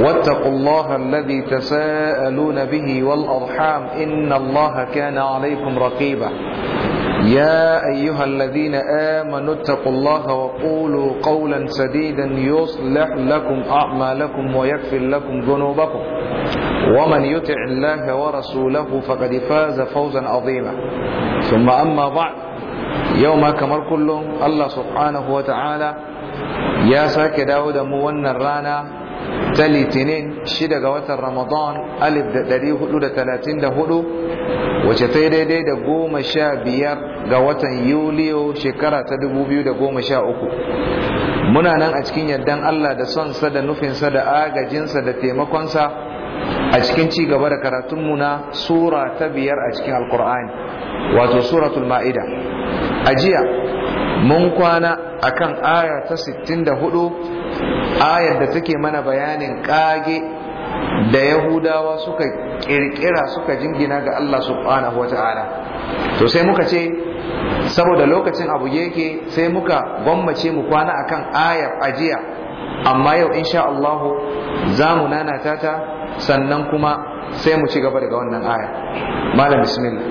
واتقوا الله الذي تساءلون به والأرحام إن الله كان عليكم رقيبا يا أيها الذين آمنوا اتقوا الله وقولوا قولا سديدا يصلح لكم أعمالكم ويكفر لكم ذنوبكم ومن يتع الله ورسوله فقد فاز فوزا عظيما ثم أما بعد يوم كمر كلهم الله سبحانه وتعالى يا ساك داود مو الرانا ta litinin shida ga watan ramadan alif da ɗari hudu da talatin da hudu wace ta daidai da goma sha biyar ga watan yuliyo shekara ta dubu biyu da goma sha uku muna nan a cikin yardan allah da sonsa da nufinsa da agajinsa da taimakonsa a cikin ci gaba da karatunmu na sura ta biyar a cikin alkur'ani wato suratul ma'ida a jiya mun kwana akan aya ta sittin da hudu ayar da take mana bayanin kage da yahudawa suka kirkira suka jingina ga Allah subhanahu wa ta'ala to sai muka ce saboda lokacin abu yake sai muka gwammace mu kwana akan ayar ajiya amma yau insha Allah za mu nanata ta sannan kuma sai mu ci gaba daga wannan aya malam bismillah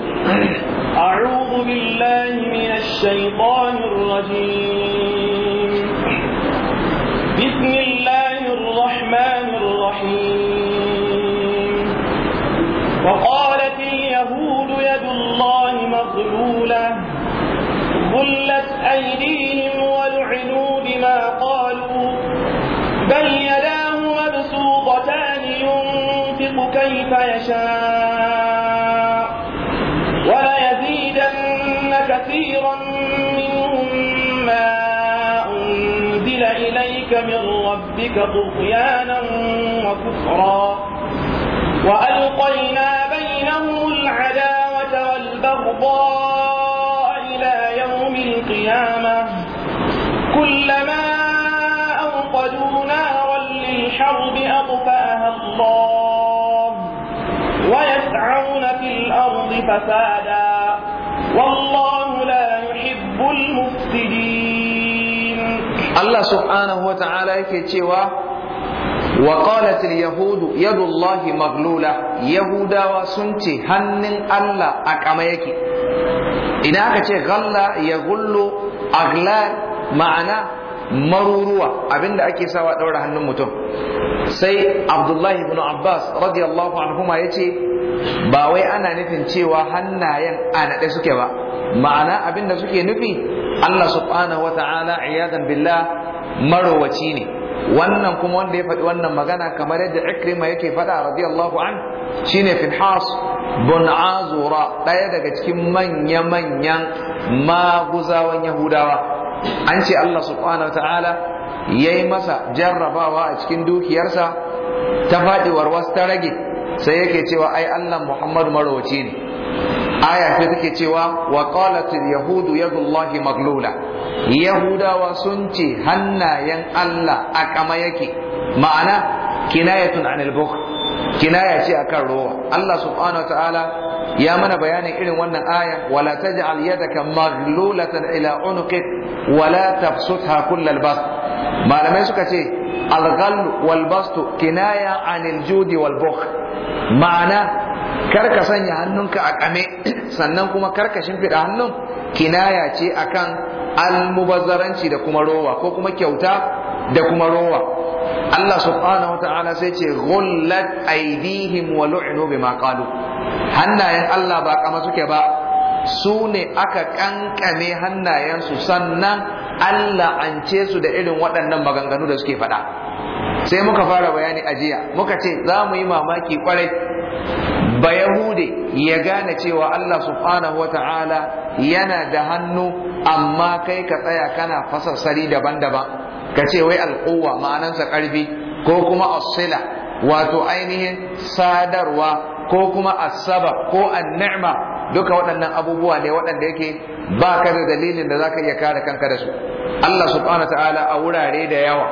a'udhu billahi minash shaitanir rajim ذلك طغيانا وكفرا وألقينا بينهم العداوة والبغضاء إلى يوم القيامة كلما أوقدوا نارا للحرب أطفأها الله ويسعون في الأرض فسادا Allah subhanahu wa ta'ala yake cewa wa qalat al-yahudu yadullahi maglula yahudawa sun ce hannun Allah a kama yake idan aka ce galla ya gullu aglal ma'ana maruruwa abinda ake sawa daura hannun mutum sai abdullahi ibn abbas radiyallahu anhuma ya ce ba wai ana nufin cewa hannayen a naɗe suke ba ma'ana abinda suke nufi Allah subhanahu wata'ala iyadan billah marowaci ne wannan kuma wanda ya faɗi wannan magana kamar yadda Ikrima yake faɗa radiyallahu an shine Finhas bin Azura ɗaya daga cikin manya-manyan maguzawan Yahudawa an ce Allah subhanahu wata'ala yayi masa jarrabawa a cikin dukiyarsa ta faɗiwar wasu ta rage sai yake cewa ai Allah Muhammad marowaci ne aya sai take cewa wa yahudu yadullahi maglula yahudawa sun ce hannayen Allah a kama yake ma'ana kinayatun anil bukh kinaya ce akan ruwa. Allah subhanahu wa ta'ala ya mana bayanin irin wannan aya wala taj'al yadaka maglulatan ila unuqik wala tabsutha kullal bas malamai suka ce alghal wal bastu kinaya anil judi wal bukh ma'ana kar ka sanya hannunka a kame sannan kuma karka shimfiɗa hannun kinaya ce akan almubazzaranci da kuma rowa ko kuma kyauta da kuma rowa Allah subhanahu ta'ala sai ce ghullat aidihim wa lu'inu bima qalu hannayen Allah ba kama suke ba su ne aka kankame hannayensu sannan Allah an su da irin waɗannan maganganu da suke faɗa sai muka fara bayani a jiya muka ce za mu yi mamaki kwarai ba yahude ya gane cewa Allah subhanahu wa ta'ala yana da hannu amma kai ka tsaya kana fasassari daban-daban ka ce wai al'uwa ma'anansa ƙarfi ko kuma asila wato ainihin sadarwa ko kuma asaba ko an'ima duka waɗannan abubuwa ne waɗanda yake ba ka da dalilin da za ka iya kare kanka da su Allah subhanahu wa ta'ala a wurare da yawa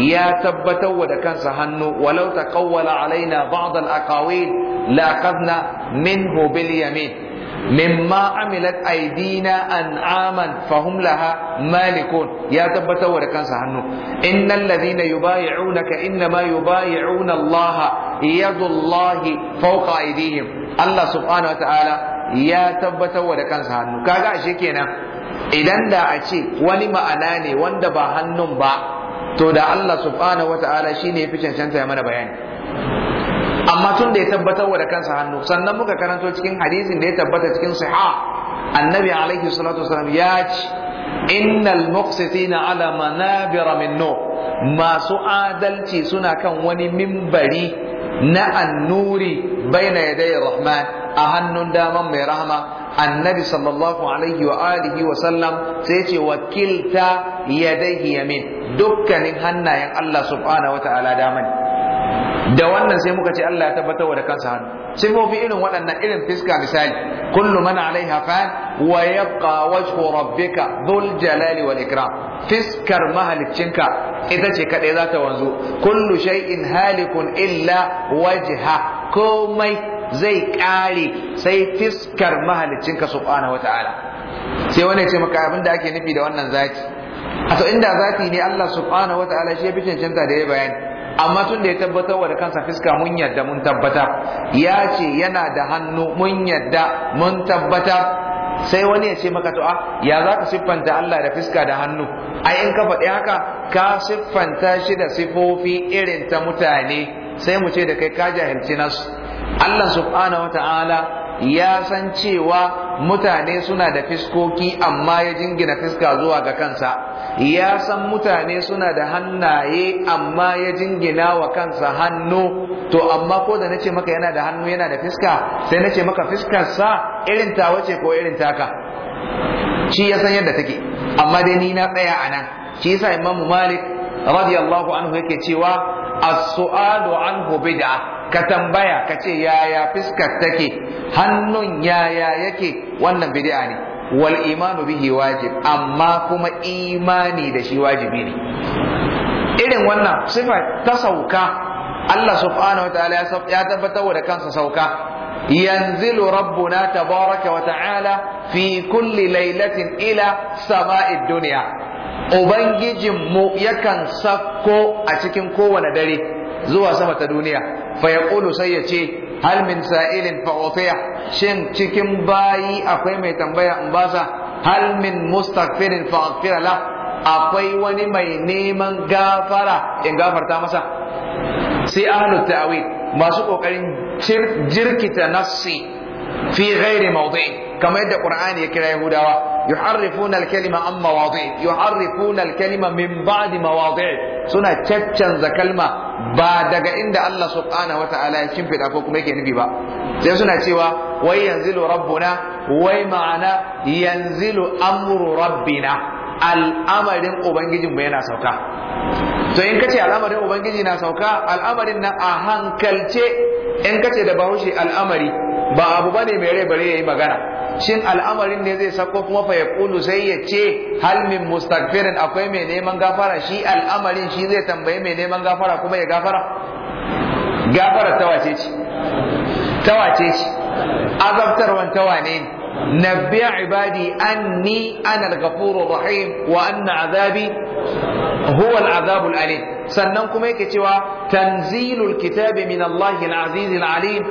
ya tabbatar da kansa hannu walau alaina ba'd al-aqawil la qadna minhu bil yamin mimma amilat aidina an'aman fahum laha malikun ya tabbatar da kansa hannu innal ladhina yubayi'unaka innama yubayi'una Allah yadullahi fawqa aidihim Allah subhanahu wa ta'ala ya tabbatar da kansa hannu kaga ashe kenan idan da a ce wani ma'ana ne wanda ba hannun ba to da Allah subhanahu wata'ala shine yafi cancanta ya mana bayani amma tun da ya tabbatar wa da kansa hannu sannan muka karanto cikin hadisin da ya tabbata cikin siha annabi alaihi salatu wasalam ya ce innal muqsitina ala manabira min nur masu adalci suna kan wani mimbari na annuri baina yadai rahman a hannun daman mai rahama annabi sallallahu alaihi wa alihi wa sallam sai ce wakilta yadaihi yamin dukkanin hannayen Allah subhanahu wa ta'ala ne da wannan sai muka ce Allah ya tabbatar da kansa hannu sifofi irin waɗannan irin fiska misali kullu man alaiha fan wa yabqa wajhu rabbika dhul jalali wal ikram fiskar mahalicinka ita ce kadai za ta wanzu kullu shay'in halikun illa wajha komai zai kare sai fiskar mahalicinka subhanahu wataala sai wani ya ce maka abin da ake nufi da wannan zaki a to inda zati ne Allah subhanahu wataala shi ya fi cancanta da ya bayani amma tun da ya tabbatar da kansa fiska mun yadda mun tabbata ya ce yana da hannu mun yadda mun tabbata sai wani ya ce maka to ah ya za ka siffanta Allah da fiska da hannu ai in ka faɗi haka ka siffanta shi da sifofi irin ta mutane sai mu ce da kai ka jahilci nasu Allah subhanahu wataala ya san cewa mutane suna da fiskoki amma ya jingina fiska zuwa ga kansa ya san mutane suna da hannaye amma ya jingina wa kansa hannu to amma ko da nace maka yana da hannu yana da fiska sai nace maka fiskarsa irin ta wace ko irin taka shi ya san yadda take amma dai ni na tsaya a nan shi yasa imamu malik radiyallahu anhu yake cewa as-su'alu anhu bid'ah ka tambaya ka ce yaya fiskar take hannun yaya yake wannan bid'a ne wal imanu bihi wajib amma kuma imani da shi wajibi ne irin wannan sifa ta sauka Allah subhanahu wataala ya tabbatar da kansa sauka yanzilu rabbuna tabaraka wa ta'ala fi kulli lailatin ila sama'id Ubangijin mu yakan sako a cikin kowane dare zuwa sama ta duniya fa Kulu sai ya ce hal min sa'ilin fa utiya shin cikin bayi akwai mai tambaya in basa hal min mustaghfirin fa aghfira la akwai wani mai neman gafara in gafarta masa sai ahlu ta'wil masu kokarin jirkita nassi fi ghairi mawdi' kamar yadda qur'ani ya kira yahudawa yuharrifuna al-kalima amma mawadi'i yuharrifuna al-kalima min ba'di mawadi'i suna caccanza kalma ba daga inda Allah subhanahu ta'ala ya shimfida ko kuma yake nufi ba sai suna cewa wai yanzilu rabbuna wai ma'ana yanzilu amru rabbina al'amarin Ubangijinmu yana sauka. To in kace al'amarin Ubangiji na sauka, al'amarin na a hankalce in kace da bahaushe al'amari ba abu ba ne mai rai bare ya yi magana. shin al'amarin ne zai sako kuma fa yaqulu sai ya ce hal min mustaghfirin akwai mai neman gafara shi al'amarin shi zai tambaye mai neman gafara kuma ya gafara gafara ta wace ce ta wace ce azabtarwan ta wane ne نبئ عبادي أني أنا الغفور الرحيم وأن عذابي هو azabul الأليم sannan kuma yake cewa tanzilul kitabi min Allah al alim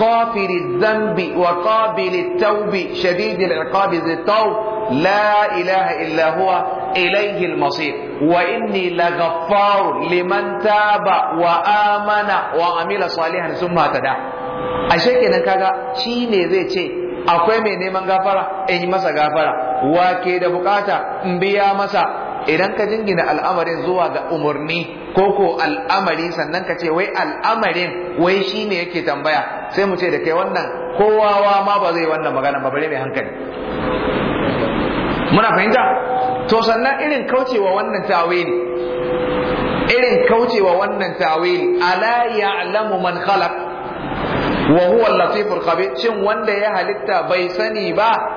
ghafir dhanbi wa qabil at-tawb shadid al-iqab dhit-tawb لا إله إلا هو إليه المصير وإني لغفار لمن تاب وآمن وعمل صالحا ثم اهتدى ashe kenan kaga shi ne zai ce akwai mai neman gafara in yi masa gafara Wa ke da bukata in biya masa idan ka jingina al'amarin zuwa ga umarni ko ko al'amari sannan ka ce wai al'amarin wai shi ne yake tambaya sai mu ce da kai wannan kowawa ma ba zai wannan magana ba bare mai hankali muna fahimta to sannan irin kaucewa wannan tawili irin kaucewa wannan tawili ala ya'lamu man khalaq wa huwa al al khabir shin wanda ya halitta bai sani ba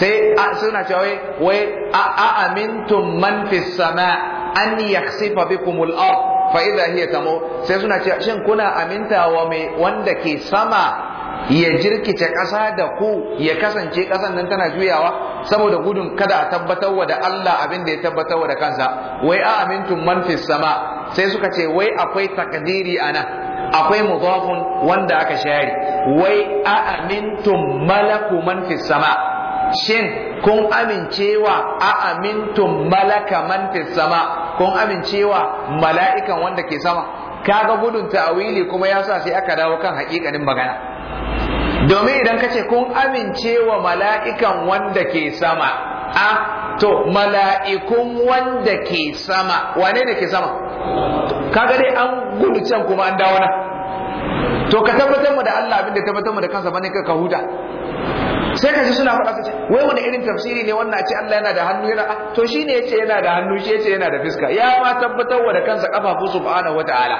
sai suna cewa wai a amintum man fis sama an yakhsifa bikum al-ard fa idha hiya tamu sai suna cewa shin kuna aminta wa mai wanda ke sama ya jirkice ƙasa da ku ya kasance ƙasan nan tana juyawa saboda gudun kada a tabbatar wa da Allah abin da ya tabbatar wa da kansa wai a amintun man fis sama sai suka ce wai akwai takdiri ana akwai mudafun wanda aka share wai a amintun malaku man fis sama shin kun amincewa a amintum malaka man fis sama kun amincewa mala'ikan wanda ke sama kaga gudun ta'awili kuma ya sa sai aka dawo kan hakikanin magana domin idan kace kun amincewa mala'ikan wanda ke sama a to mala'ikun wanda ke sama wane ne ke sama kaga dai an gudu can kuma an dawo na to ka tabbatar mu da Allah abinda tabbatar mu da kansa bane ka huta sai ka ji suna faɗa ka ce wai wani irin tafsiri ne wannan a ce Allah yana da hannu yana ah, to shi ne yace yana da hannu shi yace yana da fiska ya ma tabbatar wa da kansa kafafu subhanahu wataala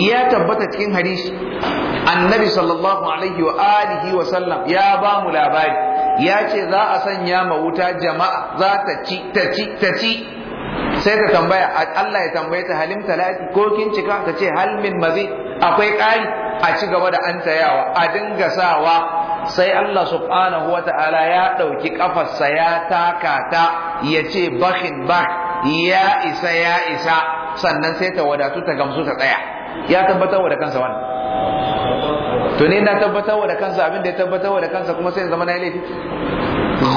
ya tabbata cikin hadisi annabi sallallahu alaihi wa alihi wa sallam ya ba mu labari ya ce za a sanya ma wuta jama'a za ta ci ta ci ta ci sai ta tambaya Allah ya tambaye ta halim talati ko kin cika ta ce hal min mazi akwai ƙari a ci gaba da an a dinga sawa sai Allah subhanahu wata'ala ya ɗauki ƙafarsa ya taka ta ya ce bakin bak ya isa ya isa sannan sai ta wadatu ta gamsu ta tsaya ya tabbatar da kansa wannan to ne na tabbatar da kansa abin da ya tabbatar da kansa kuma sai zama na yi laifi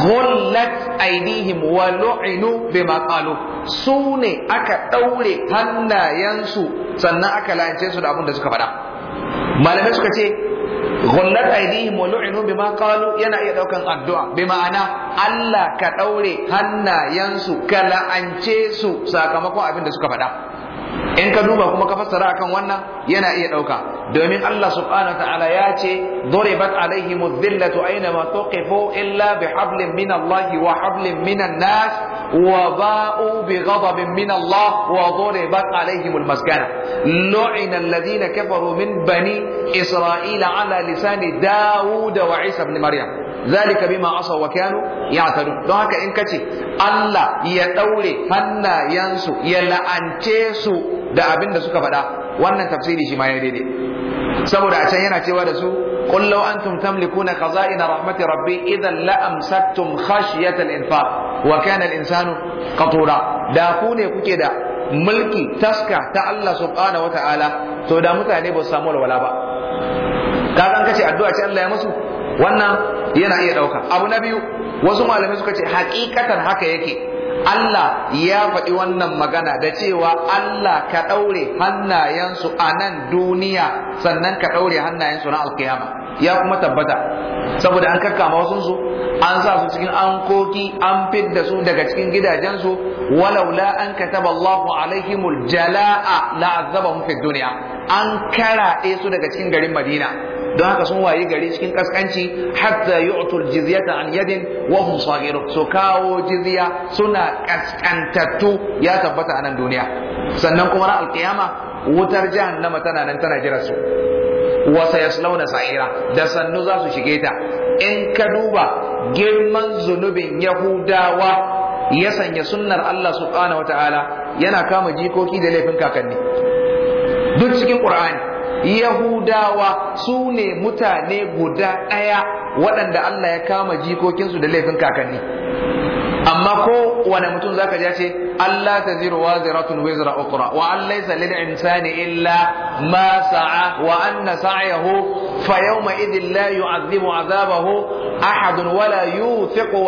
ghullat aidihim wa lu'inu bima qalu su ne aka daure hannayensu sannan aka lance su da abin da suka faɗa malamai suka ce Hullar aidihim wa lu'inu bima qalu yana iya daukan addu'a bi ma'ana Allah ka daure hannayensu ka la'ance su sakamakon abin da suka faɗa in ka duba kuma ka fassara akan wannan yana iya dauka domin Allah subhanahu ta'ala ya ce duribat alaihim dhillatu aina ma tuqifu illa bihablin min Allah wa hablin min nas wa ba'u bighadabin min Allah wa duribat alaihim maskana lu'ina alladhina kafaru min bani isra'ila ala lisani daud wa isa ibn maryam zalika bima asaw wa kanu ya'tadun don haka in kace Allah ya daure hannayensu ya la'ance su da abin da suka faɗa wannan tafsiri shi ma ya daidai saboda a can yana cewa da su qul law antum tamlikuna ina rahmati rabbi idan la amsaktum khashyatal infaq wa kana al insanu qatura da ku ne kuke da mulki taska ta Allah subhanahu wa ta'ala to da mutane ba su samu walwala ba kaga an kace addu'a ce Allah ya musu wannan yana iya ɗauka abu na biyu wasu malamai suka ce hakikatan haka yake Allah ya faɗi wannan magana da cewa Allah ka ɗaure hannayensu a nan duniya sannan ka ɗaure hannayensu na alkiyama ya kuma tabbata saboda an kakkama su, an sa su cikin ankoki an fidda su daga cikin gidajensu walaula an kataba Allahu alaihimul jala'a la azabahum fid dunya an karaɗe su daga cikin garin Madina don haka sun waye gari cikin kaskanci hatta yu'tul jizyata an yadin wa hum saghirun so kawo jizya suna kaskantattu ya tabbata anan duniya sannan kuma ran alkiyama wutar jahannama tana nan tana jira su wa sayaslawna sa'ira da sannu za su shige ta in ka duba girman zunubin yahudawa ya sanya sunnar Allah subhanahu wataala yana kama jikoki da laifin kakanni duk cikin qur'ani yahudawa su ne mutane guda ɗaya waɗanda Allah ya kama jikokinsu da laifin kakanni amma ko mutum zaka ji ce Allah ta ziru wa ziratun wizra ukra wa an laysa lil insani illa ma sa'a wa anna sa'yahu fa yawma idhin la yu'adhibu 'adhabahu ahad wa la yuthiqu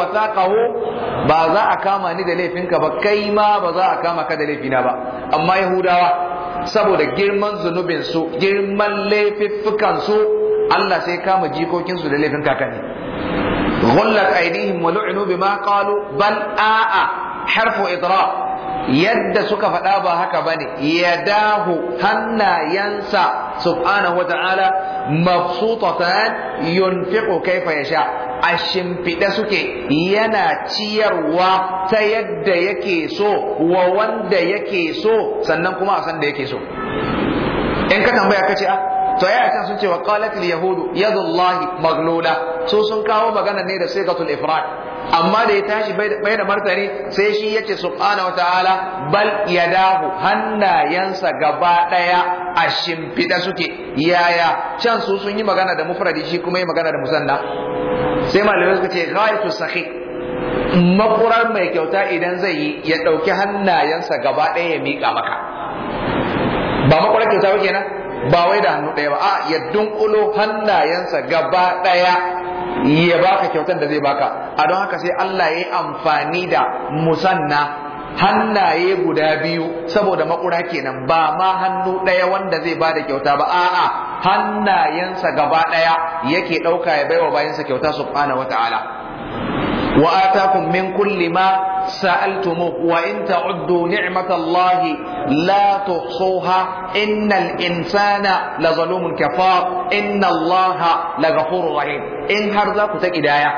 ba za a kama ni da laifinka ba kai ma ba za a kama ka da laifina ba amma yahudawa saboda girman zunubin su girman su, Allah sai kama jikokinsu da laifin kakanni غلت أيديهم ولعنوا bima qalu bal a'a harfu idra' yadda suka faɗa ba haka ba ne ya dahu hannayensa subhanahu wata'ala mabsutatan yunfiqu kaifa sha. a shimfiɗe suke yana ciyarwa ta yadda yake so wa wanda yake so sannan kuma a san da yake so in ka tambaya ka ce ah, a to ya can sun ce wa qalat yahudu yadullahi maglula so sun kawo magana ne da sigatul ifrad amma da ya tashi bai da martani sai shi subhana subhanahu ta'ala bal yadahu hannayensa gaba daya a shimfida suke yaya can su sun yi magana da mufradi shi kuma yi magana da musanna sai malamai suka ce ghaitu sahih makuran mai kyauta idan zai yi ya ɗauki hannayensa gaba ɗaya ya mika maka ba makuran kyauta ba kenan ba wai da hannu ɗaya ba a ya dunkulo hannayensa gaba ɗaya ya baka kyautar da zai baka a don haka sai Allah ya yi amfani da musanna hannaye guda biyu saboda makura kenan ba ma hannu ɗaya wanda zai bada kyauta ba a'a hannayensa gaba ɗaya yake ɗauka ya baiwa bayansa kyauta subhanahu wata'ala wa atakum min kulli ma sa'altumuhu wa in ta'uddu ni'matallahi la tuhsuha innal insana la zalumun kafar inna allaha la ghafurur rahim in har za ku ta kidaya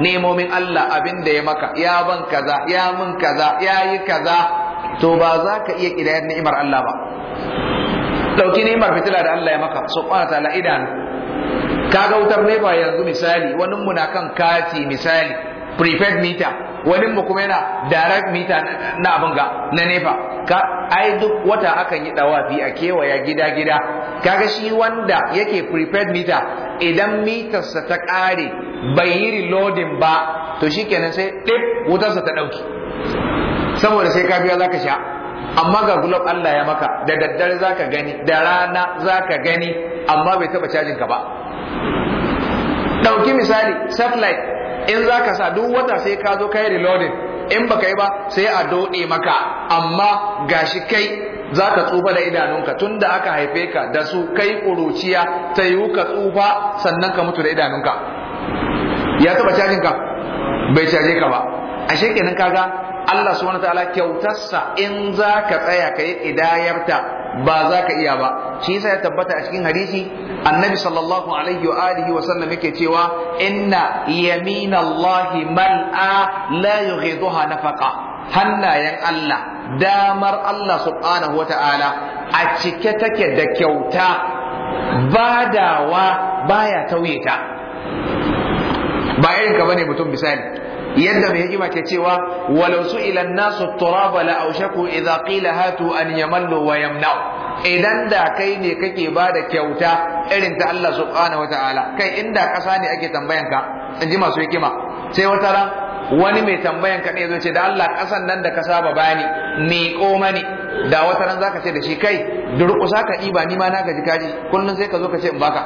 nemomin Allah abin da ya maka ya ban kaza ya mun kaza ya yi kaza to ba ka iya kidayar ni'imar Allah ba Ɗauki ni'imar fitila da Allah ya maka subhanahu ta'ala idan kaga wutar ne ba yanzu misali wani mu na kan kati misali prepaid mita. wani mu kuma yana direct mita na abin ga na nefa ka ai duk wata akan yi ɗawafi a kewaya gida gida kaga shi wanda yake prepared mita idan mitarsa ta kare bai yi reloading ba to shikenan sai dip wutarsa ta dauki saboda sai ka biya zaka sha amma ga globe Allah ya maka da daddare zaka gani da rana zaka gani amma bai taba cajin ka ba dauki misali satellite in za ka sa duk wata sai ka zo kai reloading in baka yi ba sai a doɗe maka amma gashi kai za ka tsufa da idanunka tunda aka haife ka da su kai ƙuruciya ta yiwu ka tsufa sannan ka mutu da idanunka ya taɓa cajin ka bai caje ka ba ashe kenan kaga Allah subhanahu wataala kyautarsa in za ka tsaya ka yi ƙidayarta ba za ka iya ba shi yasa ya tabbata a cikin hadisi annabi sallallahu alaihi wa alihi wa sallam yake cewa inna yaminallahi mal'a la yughiduha nafaqa hannayen Allah damar Allah subhanahu wataala a cike take da kyauta badawa baya tauye ta ba irin ka bane mutum misali yadda mai hikima ke cewa walau su ilan nasu turaba la aushaku idza qila hatu an yamallu wa yamna'u idan da kai ne kake ba da kyauta irin ta Allah subhanahu ta'ala. kai inda kasa ne ake tambayan ka in ji masu hikima sai wata ran wani mai tambayan ka ne zai ce da Allah kasan nan da ka saba bani ni ko mani da wata ran zaka ce da shi kai durƙusa ka ɗiba ni ma na gaji kaji kullun sai ka zo ka ce in baka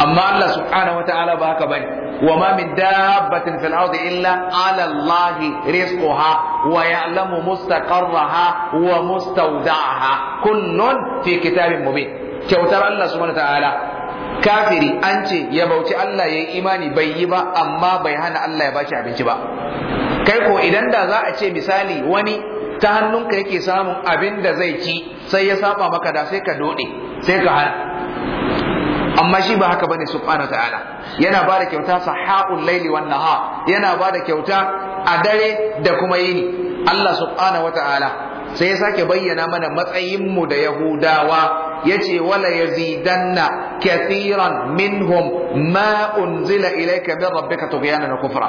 amma Allah subhanahu wataala ba haka bane wa ma min dabbatin fil ardi illa ala Allah rizquha wa ya'lamu mustaqarraha wa mustawda'aha kullun fi kitabin mubin kyautar Allah subhanahu ta'ala kafiri an ce ya bauci Allah yayi imani bai yi ba amma bai hana Allah ya bashi abinci ba kai ko idan da za a ce misali wani ta hannunka yake samun abin da zai ci sai ya saba maka da sai ka dode sai ka hana amma shi ba haka bane subhanahu ta'ala yana bada kyauta sahaul laili wan nahar yana ba da kyauta a dare da kuma yini Allah subhanahu ta'ala sai ya sake bayyana mana matsayin mu da yahudawa ce, wala zidanna kathiran minhum ma unzila ilayka min rabbika tughyanan wa kufra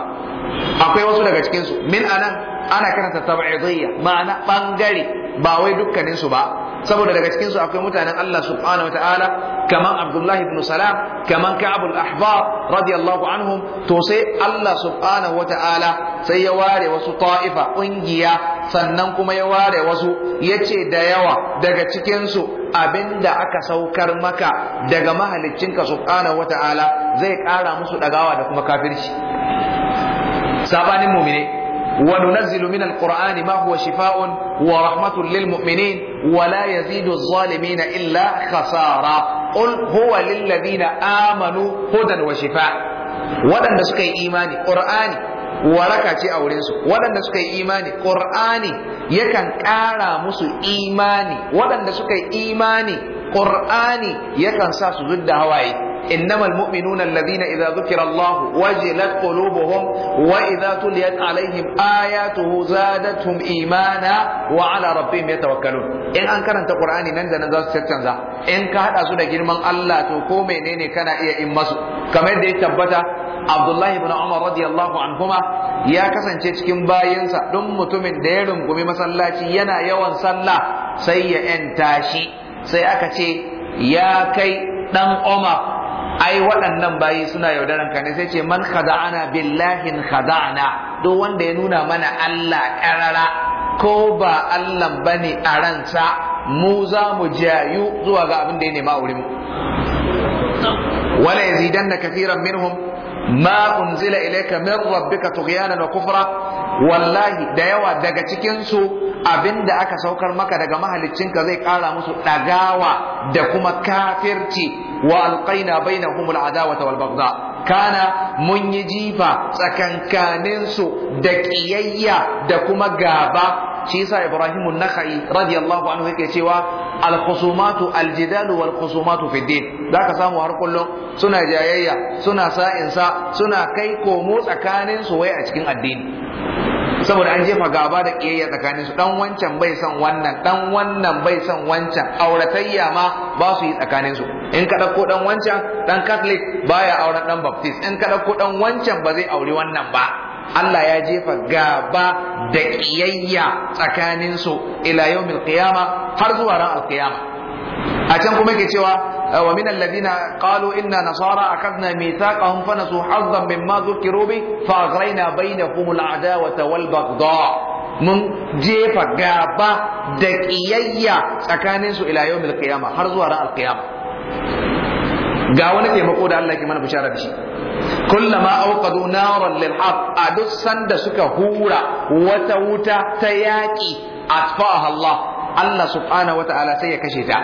akwai wasu daga cikinsu min anan ana karanta tab'idiyya ma'ana bangare ba wai dukkaninsu ba saboda daga cikin su akwai mutanen Allah subhanahu wataala kaman Abdullah ibn Salam kaman Ka'ab al-Ahbar radiyallahu anhum to sai Allah subhanahu wataala sai ya ware wasu ta'ifa ƙungiya sannan kuma ya ware wasu yace da yawa daga cikin su abinda aka saukar maka daga mahaliccinka subhanahu wataala zai ƙara musu dagawa da kuma kafirci sabanin mumine وننزل من القرآن ما هو شفاء ورحمة للمؤمنين ولا يزيد الظالمين إلا خسارة قل هو للذين آمنوا هدى وشفاء waɗanda suka yi imani ƙur'ani waraka ce a wurinsu waɗanda suka yi imani ƙur'ani yakan ƙara musu imani waɗanda suka yi imani ƙur'ani yakan sa su zudda hawaye إنما المؤمنون الذين إذا ذكر الله وجلت قلوبهم وإذا تليت عليهم آياته زادتهم إيمانا وعلى ربهم يتوكلون إن أنكرت القرآن ننزل ننزل ستنزل إن كهد أسود جرمان الله تقوم إنني كان إيه إمسو كما يدي تبتا Abdullahi ibn Umar radiyallahu anhuma ya kasance cikin bayansa don mutumin da ya rungumi masallaci yana yawan sallah sai ya ‘yanta shi sai aka ce ya kai ɗan Umar ai waɗannan bayi suna yaudaran ka ne sai ce man khada'ana billahin khada'ana duk wanda ya nuna mana Allah ƙarara ko ba Allah bane a ransa mu za mu jayu zuwa ga abin da ya nema a wurin mu wala yazidanna kathiran minhum ma unzila ilayka min rabbika tughyanan na kufra wallahi da yawa daga cikin su abinda aka saukar maka daga mahaliccinka zai ƙara musu ɗagawa da kuma kafirci wa alqaina bainahum al'adawata wal baghdha kana mun yi jifa tsakankaninsu da ƙiyayya da kuma gaba shi yasa Ibrahim an-Nakhai radiyallahu anhu yake cewa al-khusumatu al-jidal wal khusumatu fi din zaka samu har kullum suna jayayya suna sa'insa suna kai komo tsakaninsu wai a cikin addini saboda an jefa gaba da kiyayya tsakaninsu, su dan wancan bai son wannan dan wannan bai son wancan auratayya ma ba su yi tsakanin in ka dauko dan wancan dan catholic baya auren dan baptist in ka dauko dan wancan ba zai auri wannan ba Allah ya jefa gaba da ƙiyayya tsakaninsu, su ila yawmil qiyama har zuwa ran alƙiyama. a can kuma yake cewa wa min alladhina qalu inna nasara akadna mithaqahum fa nasu hazzan mimma dhukiru bi fa aghrayna bainahum al'adawata wal baghdha mun jefa gaba da kiyayya tsakanin su ila yawmil qiyamah har zuwa ran alqiyama ga wani taimako da Allah ke mana bishara da shi kullama awqadu naran lil haqq a duk sanda suka hura wata wuta ta yaki atfaha Allah Allah subhanahu wata'ala sai ya kashe ta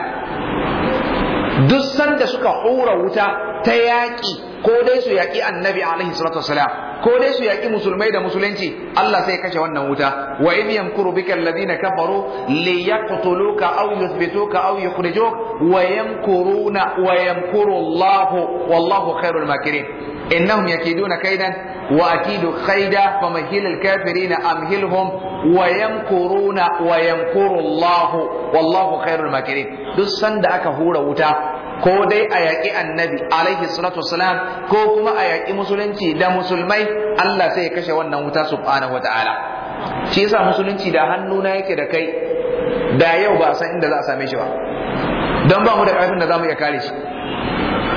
duk sanda suka hura wuta ta yaƙi ko dai su yaƙi annabi alaihi salatu wasalam ko dai su yaƙi musulmai da musulunci Allah sai ya kashe wannan wuta wa in yamkuru bika alladhina kafaru li yaqtuluka aw yuthbituka aw yukhrijuk wa yamkuruna wa yamkuru Allah wallahu khairul makirin innahum yakiduna kaidan wa akidu khaida fa mahilil kafirina amhilhum wa yamkuruna wa yamkuru Allah wallahu khairul makirin duk sanda aka hura wuta ko dai a yaƙi annabi alaihi salatu wasalam ko kuma a yaƙi musulunci da musulmai Allah sai ya kashe wannan wuta subhanahu wataala shi yasa musulunci da hannuna yake da kai da yau ba san inda za a same shi ba don ba mu da ƙarfin da za mu iya kare shi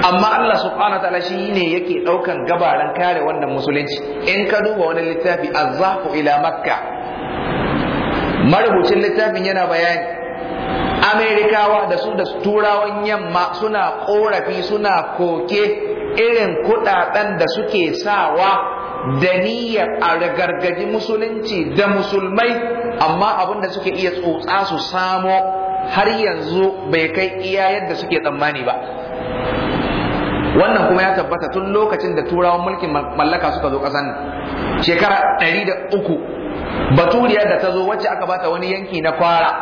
amma Allah subhanahu wataala shi ne yake daukan gabaran kare wannan musulunci in ka duba wani littafi azzafu ila makka marubucin littafin yana bayani amerikawa da su da turawan yamma suna korafi suna koke irin kudaden da suke sawa da niyyar a ragargaji musulunci da musulmai amma abin da suke iya tsotsa su samo har yanzu bai kai iya yadda suke tsammani ba wannan kuma ya tabbata tun lokacin da turawan mulkin mallaka suka zo kasan shekara ɗari da uku baturiyar da ta zo wacce aka bata wani yanki na fara?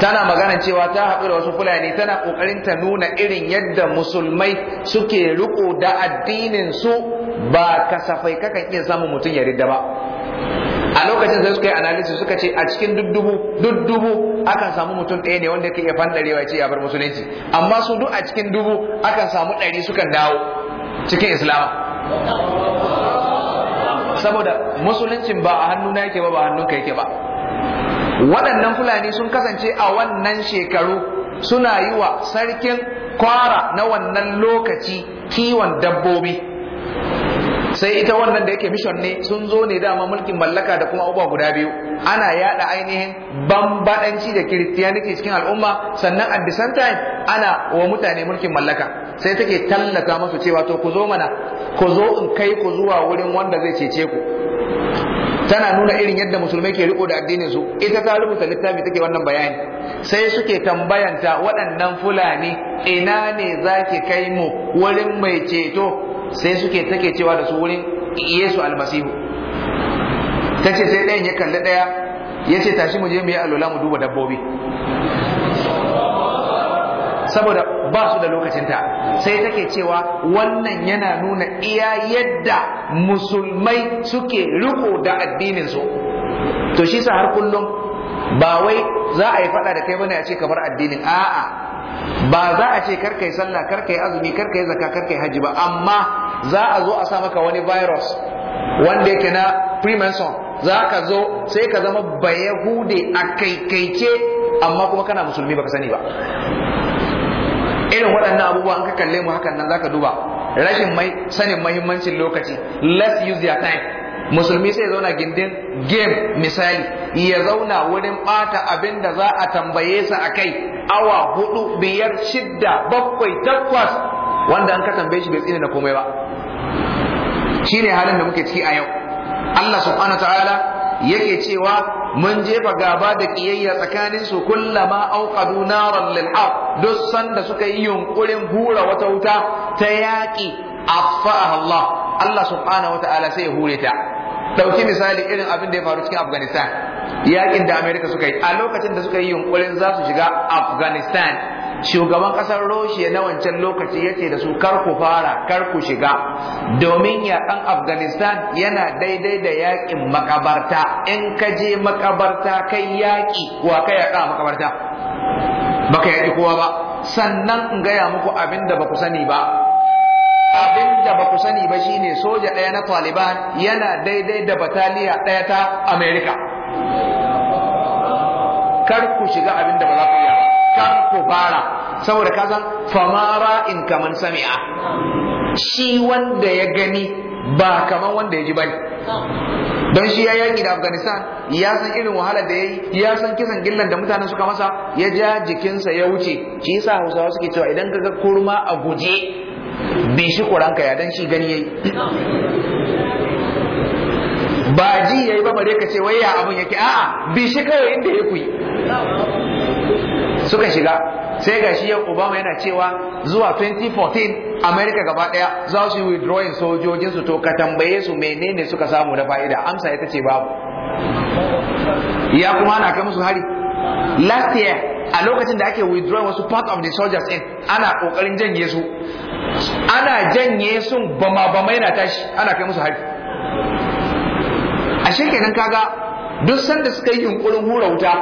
tana magana cewa ta haɗu da wasu fulani tana ƙoƙarin ta nuna irin yadda musulmai suke riko da addinin su ba kasafai kakan iya samun mutum ya ridda ba a lokacin sai suka yi analisi suka ce a cikin duddubu duddubu akan samu mutum ɗaya ne wanda yake fan ɗarewa ya ce ya bar musulunci amma su duk a cikin dubu akan samu ɗari sukan dawo cikin islam saboda musuluncin ba a na yake ba ba hannun ka yake ba waɗannan fulani sun kasance a wannan shekaru suna yi wa sarkin kwara na wannan lokaci kiwon dabbobi sai ita wannan da yake mission ne sun zo ne dama mulkin mallaka da kuma uba guda biyu ana yada ainihin bambadanci da christianity cikin al'umma sannan at the same time ana wa mutane mulkin mallaka sai take tallaka musu cewa to ku zo mana ku zo in kai ku zuwa wurin wanda zai cece ku tana nuna irin yadda musulmai ke riko da addinin su ita ta rubuta littafi take wannan bayani sai suke tambayanta waɗannan fulani ina ne zaki kai mu wurin mai ceto sai suke take cewa da su wurin Yesu almasihu ta ce sai ɗayan ya kalli ɗaya ya ce tashi mu je mu yi alola mu duba dabbobi saboda ba su da lokacinta sai take cewa wannan yana nuna iya yadda musulmai suke riko da addininsu to shi sa har kullum ba wai za a yi faɗa da kai bane a ce kamar addinin a'a ba za a ce karkai sallah karkai azumi karkai zakka karkai haji ba amma za a zo a sa maka wani virus wanda yake na premenson za ka zo sai ka zama bayahude a kaikaice amma kuma kana musulmi baka sani ba irin waɗannan abubuwa an ka kalle mu hakan nan za ka duba rashin mai sanin mahimmancin lokaci let's use your time musulmi sai zauna gindin game misali ya zauna wurin bata abin da za a tambaye sa a kai awa hudu biyar shidda bakwai takwas wanda an ka tambaye shi bai tsina na komai ba shine halin da muke ciki a yau Allah subhanahu ta'ala yake cewa mun jefa gaba da kiyayya tsakanin su kullama auqadu naran lil duk sanda suka yi yunkurin hura wata wuta ta yaki afaha Allah Allah subhanahu sai ya hure ta dauki misali irin abin da ya faru cikin Afghanistan yakin da America suka yi a lokacin da suka yi yunkurin za su shiga Afghanistan shugaban kasar Roshiya na wancan lokaci yace da su kar ku fara kar ku shiga domin yatsan Afghanistan yana daidai da yakin makabarta in ka je makabarta kai yaki wa kai yaka makabarta baka yaki kowa ba sannan in gaya muku abinda ba ku sani ba abin da ba ku sani ba shine soja ɗaya na taliban yana daidai da bataliya ɗaya ta amerika kar ku shiga abin da ba za ku yi kar ku fara saboda ka san famara in kaman sami'a shi wanda ya gani ba kaman wanda ya ji bane don shi ya yaki da afghanistan ya san irin wahalar da ya yi ya san kisan gillan da mutanen suka masa ya ja jikinsa ya wuce shi yasa hausawa suke cewa idan ka ga kurma a guje bi shi ƙuranka ya dan shi gani yayi ba ji yayi ba bare ka ce wai ya abun yake a'a bi shi kai inda ya kuyi suka shiga sai gashi shi Obama yana cewa zuwa 2014 America gaba daya za su yi withdrawing sojojinsu to ka tambaye su menene suka samu da fa'ida amsa ita ce babu ya kuma ana kai musu hari last year a lokacin da ake withdrawing wasu part of the soldiers in ana kokarin janye su ana janye su bama bama yana tashi ana kai musu haifi. a shekenan kaga duk sanda suka yi yunkurin hura wuta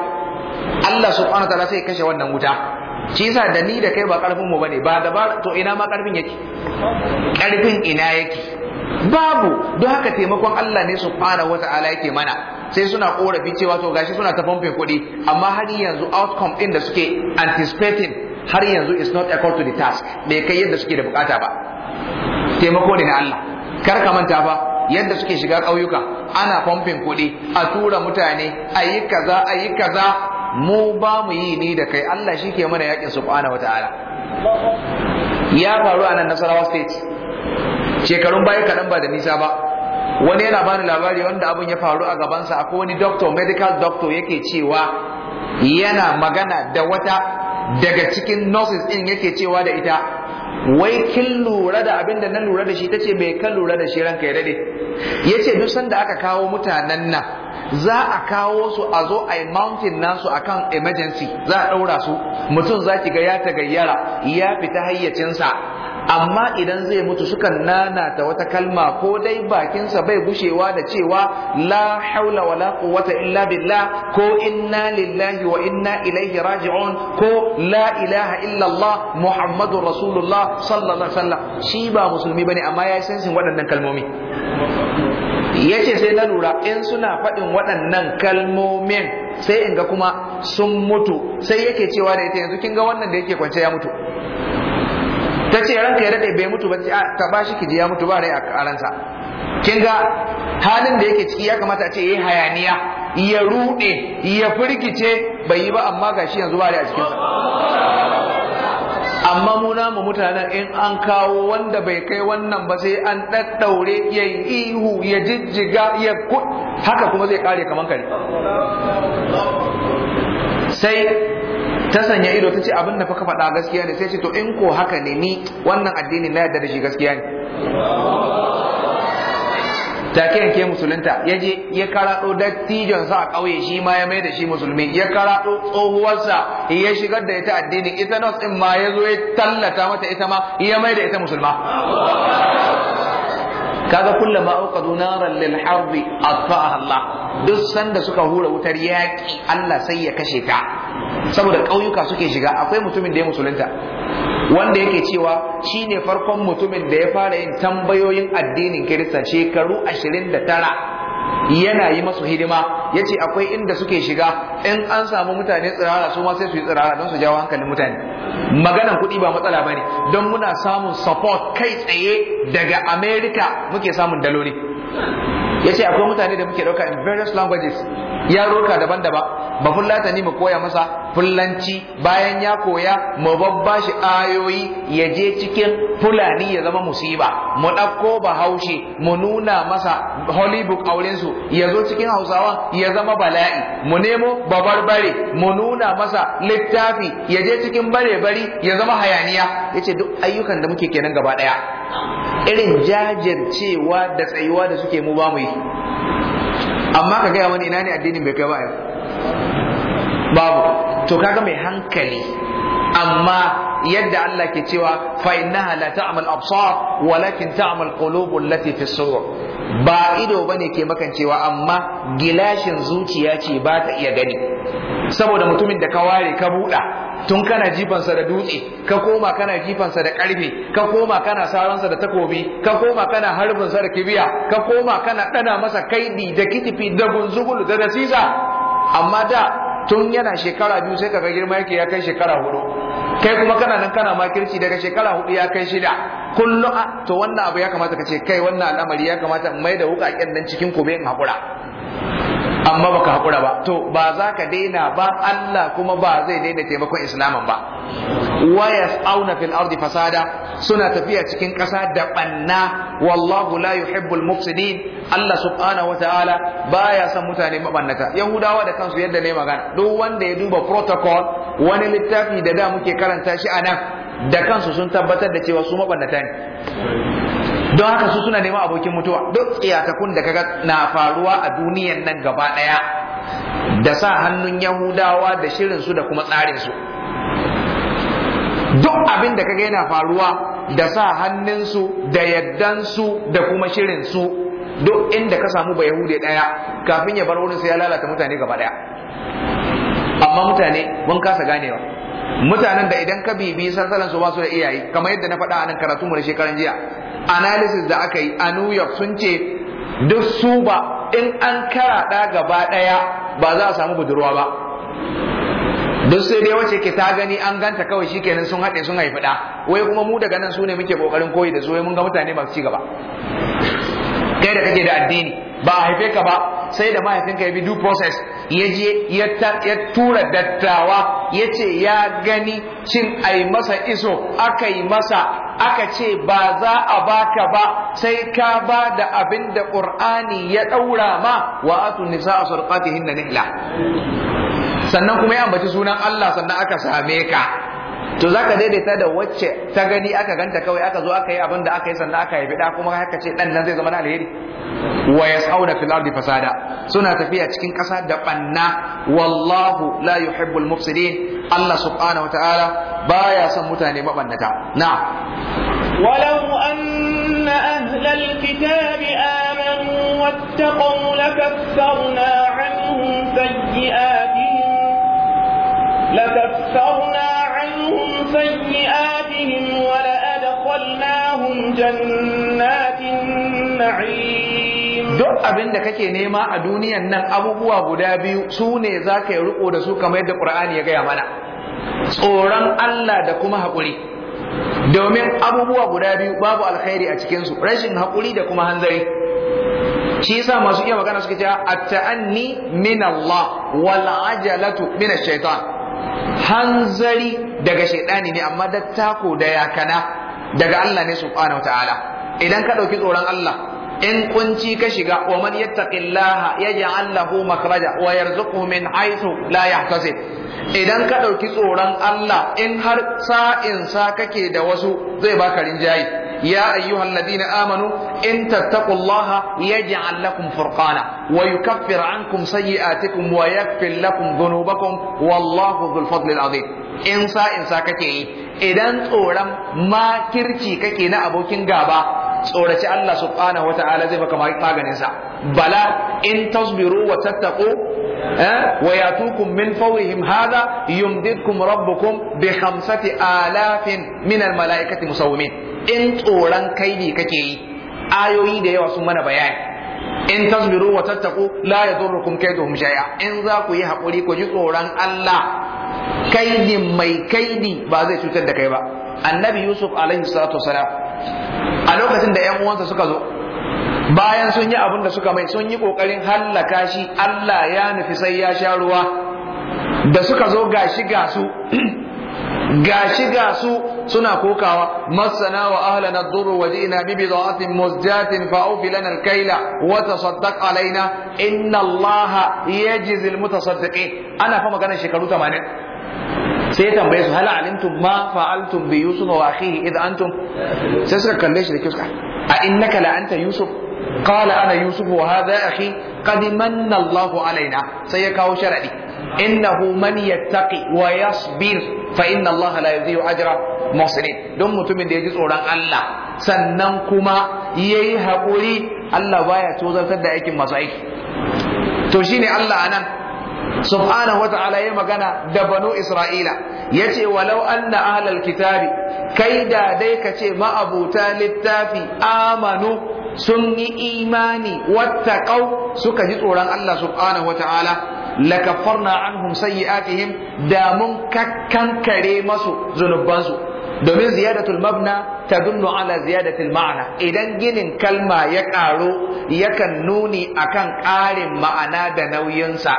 Allah subhanahu wataala sai kashe wannan wuta shi yasa da ni da kai ba karfin mu bane ba da to ina ma karfin yake karfin ina yake babu don haka taimakon Allah ne subhanahu wataala yake mana sai suna korafi cewa to gashi suna ta famfe kuɗi amma har yanzu outcome ɗin da suke anticipating har yanzu is not equal to the task bai kai yadda suke da bukata ba taimako ne na Allah kar ka manta fa yadda suke shiga ƙauyuka ana famfin kuɗi a tura mutane a yi kaza a yi kaza mu ba mu yi ni da kai Allah shi ke mana yakin subhanahu wataala ya faru a nan Nasarawa state shekarun baya kaɗan ba da nisa ba wani yana bani labari wanda abin ya faru a gabansa akwai wani doctor medical doctor yake cewa yana magana da wata daga cikin nurses din yake cewa da ita wai kin lura da abin da na lura da shi ta ce mai kan lura da shi ranka ya dade ya ce duk sanda aka kawo mutanen nan za a kawo su a zo a yi mountain nasu kan emergency za a ɗaura su mutum za ki ga ya tagayyara ya fita hayyacinsa amma idan zai mutu sukan ta wata kalma ko dai bakinsa bai gushewa da cewa la haula wala quwwata illa billah ko inna lillahi wa inna ilaihi raji'un ko la ilaha illa Allah muhammadur rasulullah sallallahu alaihi wasallam shi ba musulmi bane amma ya yi sensin waɗannan kalmomi yace sai na lura in suna faɗin waɗannan kalmomin sai in ga kuma sun mutu sai yake cewa da ita yanzu kin ga wannan da yake kwance ya mutu ta ce ranka ya daɗe bai mutu ba ta ba shi kiji ya mutu ba rai a ransa kin ga halin da yake ciki ya kamata a ce yayi hayaniya ya ruɗe ya firgice bai yi ba amma gashi yanzu ba rai a cikinsa amma mu mutanen in an kawo wanda bai kai wannan ba sai an ɗaɗɗaure ya ihu ya jijjiga ya haka kuma zai kare kaman kare sai ta sanya ido ta ce abin da fa ka faɗa gaskiya ne sai ce to in ko haka ne ni wannan addini na yarda da shi gaskiya ne Ta ke yanke musulunta ya je ya karaɗo dattijonsa a ƙauye shi ma ya mai da shi musulmi ya karaɗo tsohuwarsa ya shigar da ita addinin ita nas ɗin ma ya zo ya tallata mata ita ma ya mai da ita musulma kaga kullama auqadu naran lil harbi atfa'aha Allah duk sanda suka hura wutar yaki Allah sai ya kashe ta saboda ƙauyuka suke shiga akwai mutumin da ya musulunta wanda yake cewa shine farkon mutumin da ya fara yin tambayoyin addinin Kirista shekaru 29 yana yi masu hidima ya ce akwai inda suke shiga in an samu mutane tsirara su ma sai su yi tsirara don su jawo hankalin mutane maganan kuɗi ba matsala ba ne don muna samun support kai tsaye daga Amerika muke samun daloli ya ce akwai mutane da muke ɗauka in various languages ya roka daban-daban ba fulata ne mu koya masa fulanci bayan ya koya mu babba shi ayoyi ya je cikin fulani ya zama musiba mu ɗauko bahaushe mu nuna masa hollywood aurensu ya zo cikin Hausawa ya zama bala'i mu nemo babar bare mu nuna masa littafi ya je cikin bare-bari ya zama hayaniya ya ce duk ayyukan da muke kenan gaba ɗaya irin jajircewa da tsayuwa da suke mu ba mu kawai amma ka gaya wani ina ne addinin bai kai ba babu to kaga mai hankali amma yadda Allah ke cewa fa innaha la ta'mal absar walakin ta'mal qulub allati fi sudur ba ido bane ke makancewa amma gilashin zuciya ce ba ta iya gani saboda mutumin da ka ware ka buɗa tun kana jifansa da dutse ka koma kana jifansa da karfe ka koma kana saransa da takobi ka koma kana harbinsa da kibiya ka koma kana dana masa kaidi da kitifi da gunzugulu da nasisa amma da tun yana shekara biyu sai kaga girma yake ya kai shekara hudu kai kuma kana nan kana makirci daga shekara hudu ya kai shida kullu to wannan abu ya kamata ka ce kai wannan al'amari ya kamata in mai da wukaken nan cikin kube in hakura amma baka haƙura ba to ba za ka daina ba Allah kuma ba zai daina taimakon islamin ba wayas auna fil ardi fasada suna tafiya cikin ƙasa da banna wallahu la yuhibbul mufsidin Allah subhanahu wataala baya son mutane mabannata yahudawa da kansu yadda ne magana duk wanda ya duba protocol wani littafi da da muke karanta shi anan da kansu sun tabbatar da cewa su mabannata ne don haka su suna neman abokin mutuwa duk tsiyakakun da kaga na faruwa a duniyan nan gaba daya da sa hannun yahudawa da shirin su da kuma tsarin su duk abin da kaga yana faruwa da sa hannun su da yaddan su da kuma shirin su duk inda ka samu ba yahude daya kafin ya bar wurin sai ya lalata mutane gaba daya amma mutane mun kasa ganewa mutanen da idan ka bibi sarsalan su basu da iyaye kamar yadda na faɗa a nan karatu mu da shekaran jiya analysis da aka yi a New York sun ce duk su ba in an karaɗa gaba ɗaya ba za a samu budurwa ba duk sai dai wace ke ta gani an ganta kawai shikenan sun haɗe sun haifi ɗa wai kuma mu daga nan su ne muke ƙoƙarin koyi da su wai mun ga mutane masu ci gaba kai da kake da addini ba a haife ka ba sai da mahaifinka ya bi due process ya je ya tura dattawa ya ce ya gani cin ai masa iso aka yi masa aka ce ba za a baka ba sai ka ba da abin da ƙur'ani ya ɗaura ma wa atu nisa a surƙatihin na sannan kuma ya ambaci sunan Allah sannan aka same ka to zaka daidaita da wacce ta gani aka ganta kawai aka zo aka yi abin da aka yi sannan aka yi bida kuma haka ce dan nan zai zama na alheri wa yas'auna fil ardi fasada suna tafiya cikin kasa da banna wallahu la yuhibbul mufsidin Allah subhanahu wataala baya son mutane mabannata na ولو أن أهل الكتاب آمنوا واتقوا لكفرنا عنهم سيئاتهم لكفرنا جنات النعيم duk abin da kake nema a duniyan nan abubuwa guda biyu su ne za ka yi riko da su kamar yadda ƙur'ani ya gaya mana tsoron Allah da kuma Hakuri, domin abubuwa guda biyu babu alkhairi a cikinsu rashin Hakuri da kuma hanzari shi yasa masu iya magana suka ce atta'anni min Allah wal ajalatu min ash-shaytan hanzari daga shaytani ne amma da tako da yakana daga Allah ne subhanahu ta'ala idan ka ɗauki tsoron Allah in kunci ka shiga wa man yattaqillaha yaj'al lahu makhraja wa yarzuquhu min haythu la yahtasib idan ka ɗauki tsoron Allah in har sa'in sa kake da wasu zai baka rinjaye ya ayyuhal ladina amanu in tattaqullaha yaj'al lakum furqana wa yukaffir ankum sayyi'atikum wa yaghfir lakum dhunubakum wallahu dhul fadli azim in sa'in sa kake yi idan tsoron makirci kake na abokin gaba tsoraci Allah subhanahu wa ta'ala zai maka maganin sa bala in tasbiru wa tattaqu eh, wa yatukum min fawrihim hadha yumdidkum rabbukum bi khamsati alafin min al malaikati musawwimin in tsoron kaidi kake yi ayoyi da yawa sun mana bayani in tasbiru wa tattaku la yadurrukum kaiduhum shay'a in za ku yi hakuri ku ji tsoron Allah kaidin mai kaidi ba zai cutar da kai ba annabi yusuf alaihi salatu wasalam a lokacin da yan uwansa suka zo bayan sun yi abin da suka mai sun yi kokarin hallaka shi Allah ya nufi sai ya sha ruwa da suka zo gashi gasu gashi gasu suna kokawa masana wa ahlan ad dur wa ji'na bi bid'atin muzjatin fa au lana al-kayla wa tasaddaq alaina inna Allah yajzi al-mutasaddiqin ana fa magana shekaru 80 sai ya tambaye su hal alimtum ma fa'altum bi yusuf wa akhihi id antum sai suka kalle shi da kiska a innaka la anta yusuf hadha akhi qad manna أخي alaina sai ya kawo sharadi innahu man yattaqi wa yasbir fa inna Allah la yudhi'u ajra muhsinin don mutumin da ya ji tsoron Allah sannan kuma yayi haƙuri Allah baya tozartar da aikin masu aiki to shine Allah anan subhanahu wata'ala ya magana da banu Isra'ila yace walau anna ahlal kitabi kai da dai kace ma'abuta littafi amanu sun yi imani wattaqau suka ji tsoron Allah subhanahu wata'ala lakafarna anhum sayyi'atihim da mun kankare masu zunubansu domin ziyadatul mabna tadullu ala ziyadatul ma'ana idan ginin kalma ya ƙaru yakan nuni akan ƙarin ma'ana da nauyinsa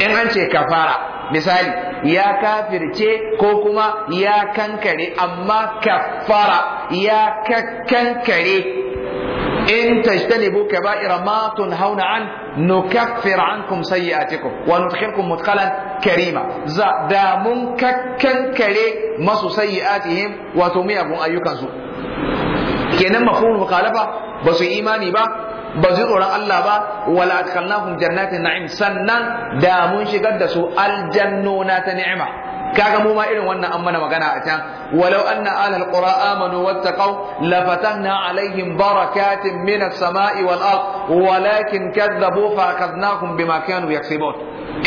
in an ce kafara misali ya kafirce ko kuma ya kankare amma kafara ya kankare. in tajtanibu kaba'ira ma tunhauna an nukaffir ankum sayyi'atikum wa nudkhilkum mudkhalan karima za da mun kakkan kare masu sayyi'atihim wato miyagun ayyukan su kenan mafhumul mukhalafa ba su imani ba ba su tsoron Allah ba wala adkhalnahum jannatin na'im sannan da mun shigar da su aljannona ta ni'ima kaga mu ma irin wannan an mana magana a can walau anna ahlal qura amanu wattaqau la fatahna alaihim barakatin minas samai wal ard walakin kadzabu fa akhadnahum bima kanu yaksibun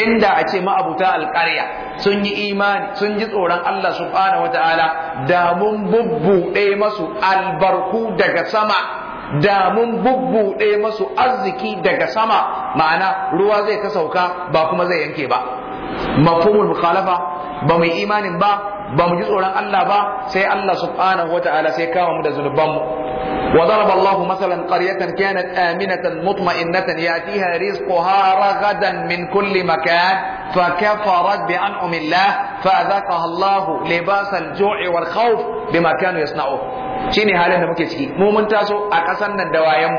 inda a ce ma'abuta alƙarya sun yi imani sun ji tsoron Allah subhanahu da mun bubbuɗe masu albarku daga sama da mun bubbuɗe masu arziki daga sama ma'ana ruwa zai ta sauka ba kuma zai yanke ba mafhumul mukhalafa ba mu imanin ba ba mu ji tsoron Allah ba sai Allah subhanahu wata'ala sai kama mu da zunubanmu وضرب الله مثلا قرية كانت آمنة مطمئنة يأتيها رزقها رغدا من كل مكان فكفرت بأنعم الله فأذاقها الله لباس الجوع والخوف بما كانوا يصنعون شيني حالنا مكيسكي مو من تاسو أقسن الدوايم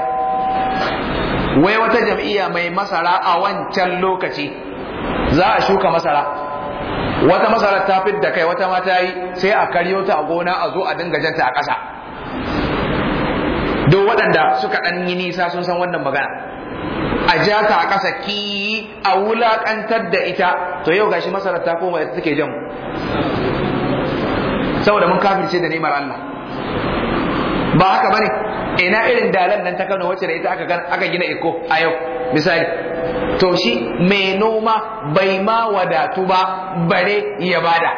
ويوتا جمعية مي مسارا أوان تلوكتي za a shuka masara wata masarar ta fidda kai wata mata yi sai a karyo ta a gona a zo a dinga janta a ƙasa don waɗanda suka ɗan yi nisa sun san wannan magana a ja ta a ƙasa ki a wulaƙantar da ita to yau gashi masarar ta koma ita take jan saboda mun kafirce da ni'imar Allah ba haka bane ina irin dalan nan ta Kano wacce da ita aka aka gina iko a yau misali to shi mai noma bai ma wadatu ba bare ya bada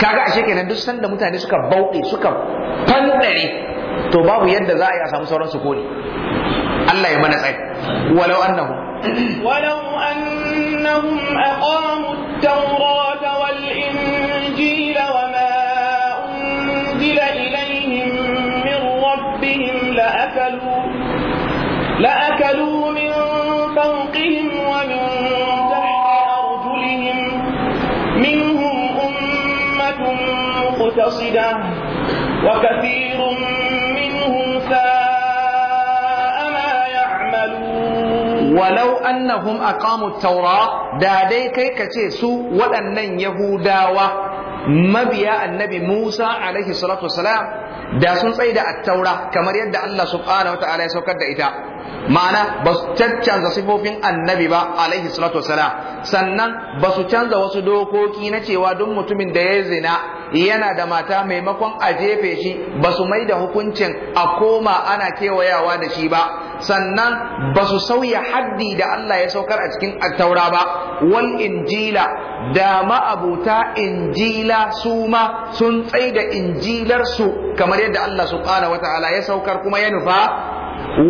kaga ashe kenan duk sanda mutane suka bauɗe suka fanɗare to babu yadda za a yi a samu sauran sukuni Allah ya mana tsaye walau annahu. walau annahum aqamu at-taurata wal injila wama unzila ilayhim min rabbihim la akalu la akalu min fawqihim wa min tahti arjulihim minhum ummatun muqtasida وكثير walau annahum aqamu taura da dai kai ka ce su waɗannan yahudawa mabiya annabi Musa alaihi salatu wasalam da sun tsaida at-taura kamar yadda Allah subhanahu wa ta'ala ya saukar da ita ma'ana ba su cancanza sifofin annabi ba alaihi salatu wasalam sannan ba su canza wasu dokoki na cewa duk mutumin da ya zina yana da mata maimakon a jefe shi ba su mai da hukuncin a koma ana kewayawa da shi ba sannan ba su sauya haddi da Allah ya saukar a cikin attaura ba wal injila da ma'abuta injila su ma sun tsaida injilarsu kamar yadda Allah subhanahu wataala ya saukar kuma ya nufa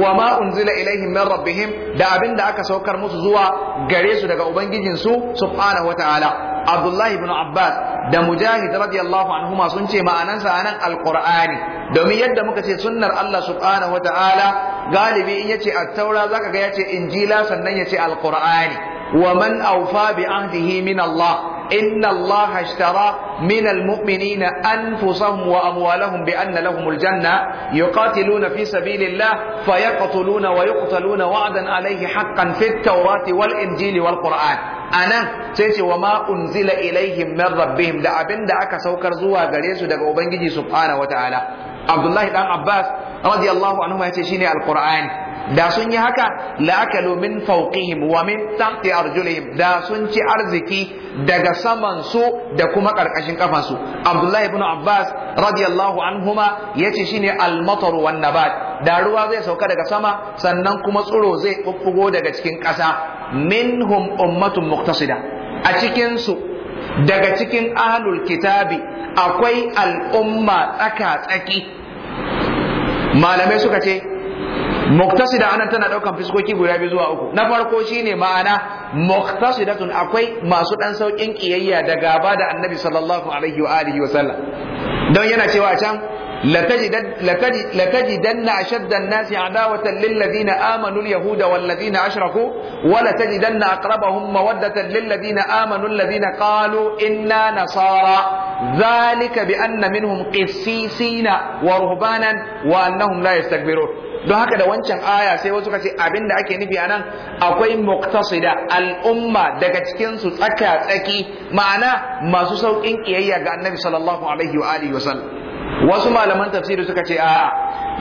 wa ma unzila ilaihim min rabbihim da abin da aka saukar musu zuwa gare su daga ubangijinsu subhanahu wataala Abdullah ibn Abbas da Mujahid radiyallahu anhuma sun ce ma'anansa anan alqur'ani domin yadda muka ce sunnar Allah subhanahu wataala galibi in yace at-taura zaka ga yace injila sannan yace alqur'ani wa man awfa bi ahdihi min Allah inna Allah ashtara min almu'minina anfusahum wa amwalahum bi anna lahum aljanna yuqatiluna fi sabilillah fayaqtuluna wa yuqtaluna wa'dan alayhi haqqan fit tawrati wal injili wal ƙurani anan sai ce wa ma unzila ilaihim min rabbihim da abin da aka saukar zuwa gare su daga ubangiji subhanahu wataala abdullahi ɗan abbas radiyallahu anhu ya ce shine alqur'ani da sun yi haka la'akalu min fawqihim wa min tahti arjulihim da sun ci arziki daga saman su da kuma karkashin ƙafansu. su Abdullahi ibn Abbas radiyallahu anhuma yace shine al-matar wan nabat da ruwa zai sauka daga sama sannan kuma tsuro zai bubbugo daga cikin ƙasa minhum ummatun muqtasida a cikin su daga cikin ahlul kitabi akwai al'umma tsaka tsaki malamai suka ce muktasida anan tana daukan fiskoki guda biyu zuwa uku na farko shine ma'ana muktasidatun akwai masu dan saukin kiyayya da gaba da annabi sallallahu alaihi wa alihi wa sallam don yana cewa can لتجدن أشد الناس عداوة للذين آمنوا اليهود والذين أشركوا ولتجدن أقربهم مودة للذين آمنوا الذين قالوا إنا نصارى ذلك بأن منهم قسيسين ورهبانا وأنهم لا يستكبرون don haka da wancan aya sai wasu ka ce abinda ake nufi anan akwai muktasida al'umma daga cikin su tsaka tsaki ma'ana masu saukin kiyayya ga annabi sallallahu alaihi wa alihi wasallam wasu malaman tafsiri suka ce a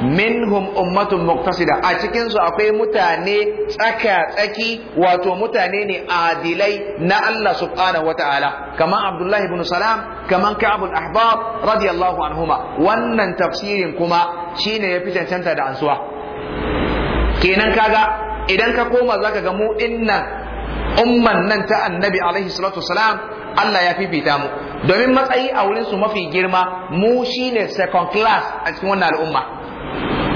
minhum ummatun muktasida a cikin su akwai mutane tsaka tsaki wato mutane ne adilai na Allah subhanahu wataala kaman Abdullahi ibn Salam kamar Ka'ab al-Ahbab radiyallahu anhuma wannan tafsirin kuma shine ya fi cancanta da ansuwa kenan kaga idan ka koma zaka ga mu dinnan umman nan ta annabi alaihi salatu wasalam Allah ya fifita mu domin matsayi a wurin su mafi girma mu shine second class a cikin wannan al'umma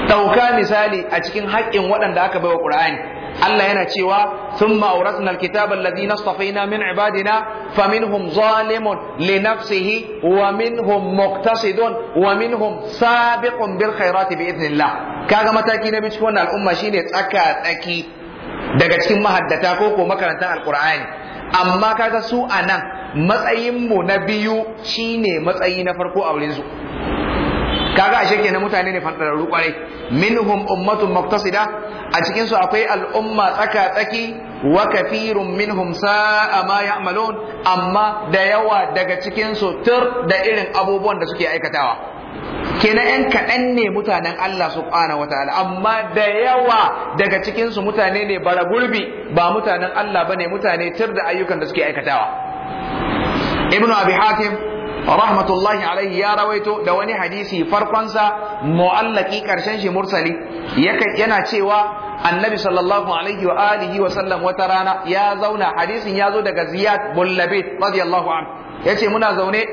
dauka misali a cikin haƙƙin waɗanda aka baiwa Qur'ani Allah yana cewa sun awrasna na alladhina safina min ibadina faminhum zalimun li nafsihi wa minhum muqtasidun wa minhum sabiqun bil khairati bi idnillah kaga mataki na biyu cikin wannan al'umma shine tsaka tsaki daga cikin mahaddata ko ko makarantar alqur'ani amma kaga su anan matsayin mu na biyu shine matsayi na farko a wurin su kaga ashe kenan mutane ne fantararru kwarai minhum ummatun muqtasida a cikin su akwai al'umma tsaka tsaki wa kathirun minhum sa'a ma ya'malun amma da yawa daga cikin su tur da irin abubuwan da suke aikatawa kenan yan kaɗan ne mutanen Allah subhanahu wataala amma da yawa daga cikin su mutane ne bara gurbi ba mutanen Allah bane mutane tur da ayyukan da suke aikatawa ibnu abi hatim rahmatullahi alaihi ya rawaito da wani hadisi farkonsa mu'allaki karshen shi mursali yana cewa annabi sallallahu alaihi wa alihi wa sallam wata rana ya zauna hadisin ya zo daga ziyad bullabit radiyallahu an ce muna zaune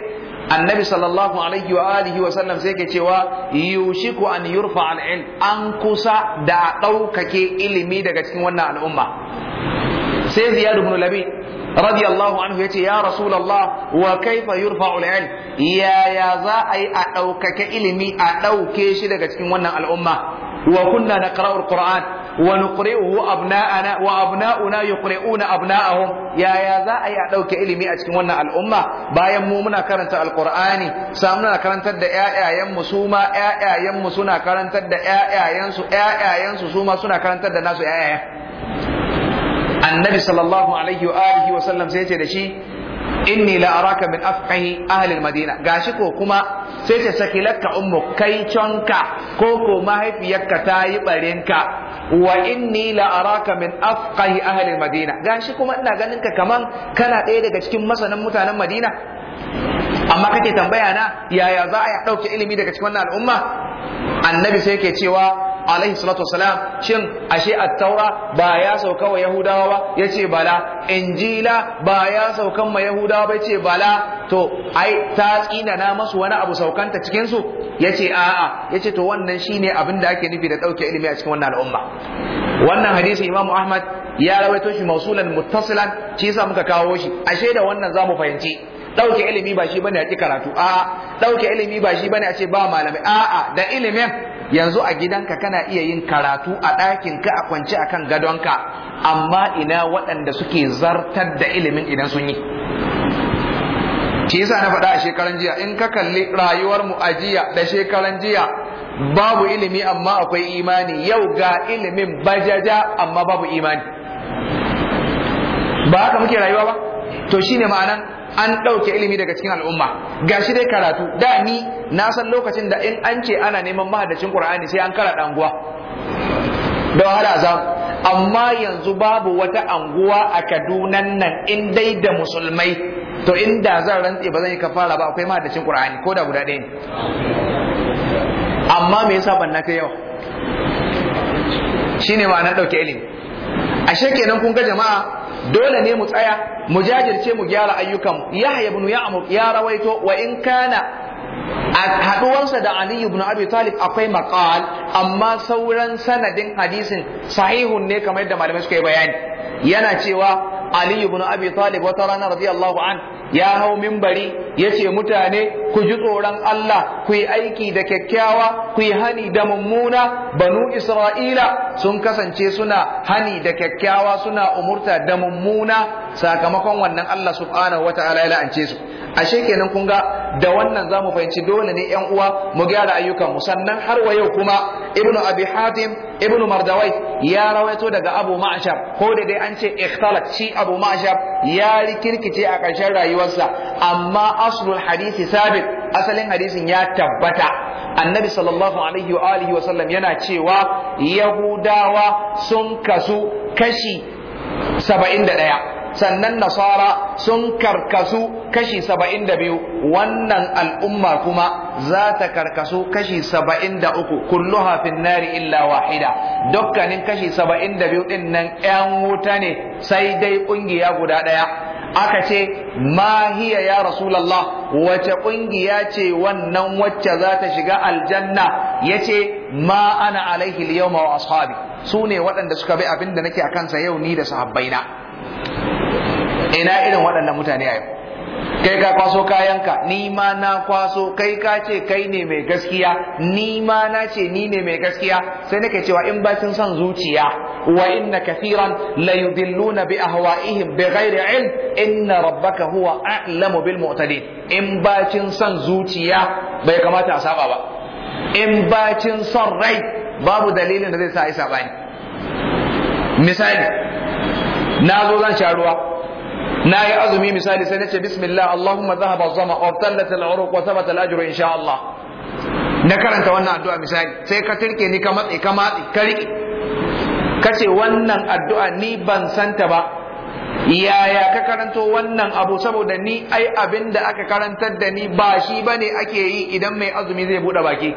annabi sallallahu alaihi wa alihi wa sallam sai ke cewa yushiku an yurfa al an kusa da a ɗaukake ilimi daga cikin wannan al'umma sai ziyad ibn radiyallahu anhu yace ya rasulullah wa kaifa yurfa'ul ilm ya ya za a yi a ɗaukake ilimi a ɗauke shi daga cikin wannan al'umma wa kunna naqra'ul qur'an wa nuqri'uhu abna'ana wa abna'una yuqri'una abna'ahum ya ya za a yi a ɗauke ilimi a cikin wannan al'umma bayan mu muna karanta alqur'ani sa muna karantar da ƴaƴayen mu su ma ƴaƴayen mu suna karantar da ƴaƴayen su ƴaƴayen su su suna karantar da nasu ƴaƴayen annabi sallallahu alaihi wa alihi wa sallam sai ce da shi inni la araka min afqahi ahli almadina gashi ko kuma sai ce sakilaka ummu kai chonka ko ko mahaifiyarka ta yi barinka wa inni la araka min afqahi ahli almadina gashi kuma ina ganin ka kaman kana ɗaya daga cikin masanan mutanen madina amma kake tambaya na yaya za a ɗauke ilimi daga cikin wannan al'umma annabi sai yake cewa alaihi salatu wasalam shin ashe Attaura taura ba ya sauka wa yahudawa ba yace bala injila ba ya saukan ma yahudawa ba yace bala to ai ta tsina na masu wani abu saukanta cikin su yace a'a yace to wannan shine abin da ake nufi da ɗauke ilimi a cikin wannan al'umma wannan hadisi imamu ahmad ya rawaito shi mausulan muttasilan shi yasa muka kawo shi ashe da wannan zamu fahimci dauke ilimi ba shi bane a ci karatu a dauke ilimi ba shi bane a ce ba malamai a a da ilimin yanzu a gidanka kana iya yin karatu a ɗakin ka a kwance akan gadonka amma ina waɗanda suke zartar da ilimin idan sun yi shi yasa na faɗa a shekaran jiya in ka kalli rayuwar mu a jiya da shekaran jiya babu ilimi amma akwai imani yau ga ilimin bajaja amma babu imani ba haka muke rayuwa ba to shine ma'anan an ɗauke ilimi daga cikin al'umma gashi dai karatu da ni na san lokacin da in an ce ana neman mahaddacin qur'ani sai an kara anguwa da wahala za amma yanzu babu wata anguwa a Kaduna nan in dai da musulmai to inda zan rantse ba zan yi kafara ba akwai mahaddacin qur'ani ko da guda ɗaya ne amma me yasa ban na yawa shine na ɗauke ilimi ashe kenan kun ga jama'a dole ne mu tsaya mu jajirce mu gyara ayyukan yahya ibn ya'mur ya rawaito wa in kana Haduwansa da Ali ibn Abi Talib akwai maqal amma sauran sanadin hadisin sahihun ne kamar yadda malamai suka yi bayani yana cewa Ali ibn Abi Talib wata rana radiyallahu an ya hau mimbari ya ce mutane ku ji tsoron Allah ku yi aiki da kyakkyawa ku yi hani da mummuna banu Isra'ila sun kasance suna hani da kyakkyawa suna umurta da mummuna sakamakon wannan Allah subhanahu wa ta'ala ya la'ance su ashe kenan kun ga da wannan za mu fahimci dole ne yan uwa mu gyara ayyukan mu sannan har wa yau kuma ibnu abi hatim ibnu mardawai ya rawaito daga abu ma'shar ko da dai an ce ikhtalat shi abu ma'shar ya rikirkice a ƙarshen rayuwa rayuwarsa amma aslul hadisi sabit asalin hadisin ya tabbata annabi sallallahu alaihi wa alihi wa sallam yana cewa yahudawa sun kasu kashi 71 sannan nasara sun karkasu kashi 72 wannan al'umma kuma za ta karkasu kashi 73 kulluha fin nari illa wahida dukkanin kashi 72 din nan 'yan wuta ne sai dai kungiya guda ɗaya aka ce mahiya ya rasulallah wace ƙungiya ce wannan wacce za ta shiga aljanna ya ce ma ana alaihi yawma wa ashabi su ne waɗanda suka bi abin da nake a kansa yau ni da sahabbaina ina irin waɗannan mutane a yau kai ka kwaso kayanka ni ma na kwaso kai ka ce kai ne mai gaskiya ni ma na ce ni ne mai gaskiya sai nake cewa in bakin son zuciya وإن كثيرا ليضلون بأهوائهم بغير علم إن ربك هو أعلم بالمعتدين إن باتن سن زوتيا بيكما تأسابا با إن باتن سن ري باب دليل الذي سأي ساباني مثالي نازو زن شاروا na yi azumi misali sai nace bismillah Allahumma zahaba zama wabtallat al'uruq wa thabata al-ajru na karanta wannan addu'a misali sai ka tirke ni ka matse ka matse ka kace wannan addu'a ni ban santa ba yaya ka karanto wannan abu saboda ni ai abin aka karantar da ni ba shi ba ne ake yi idan mai azumi zai buɗe baki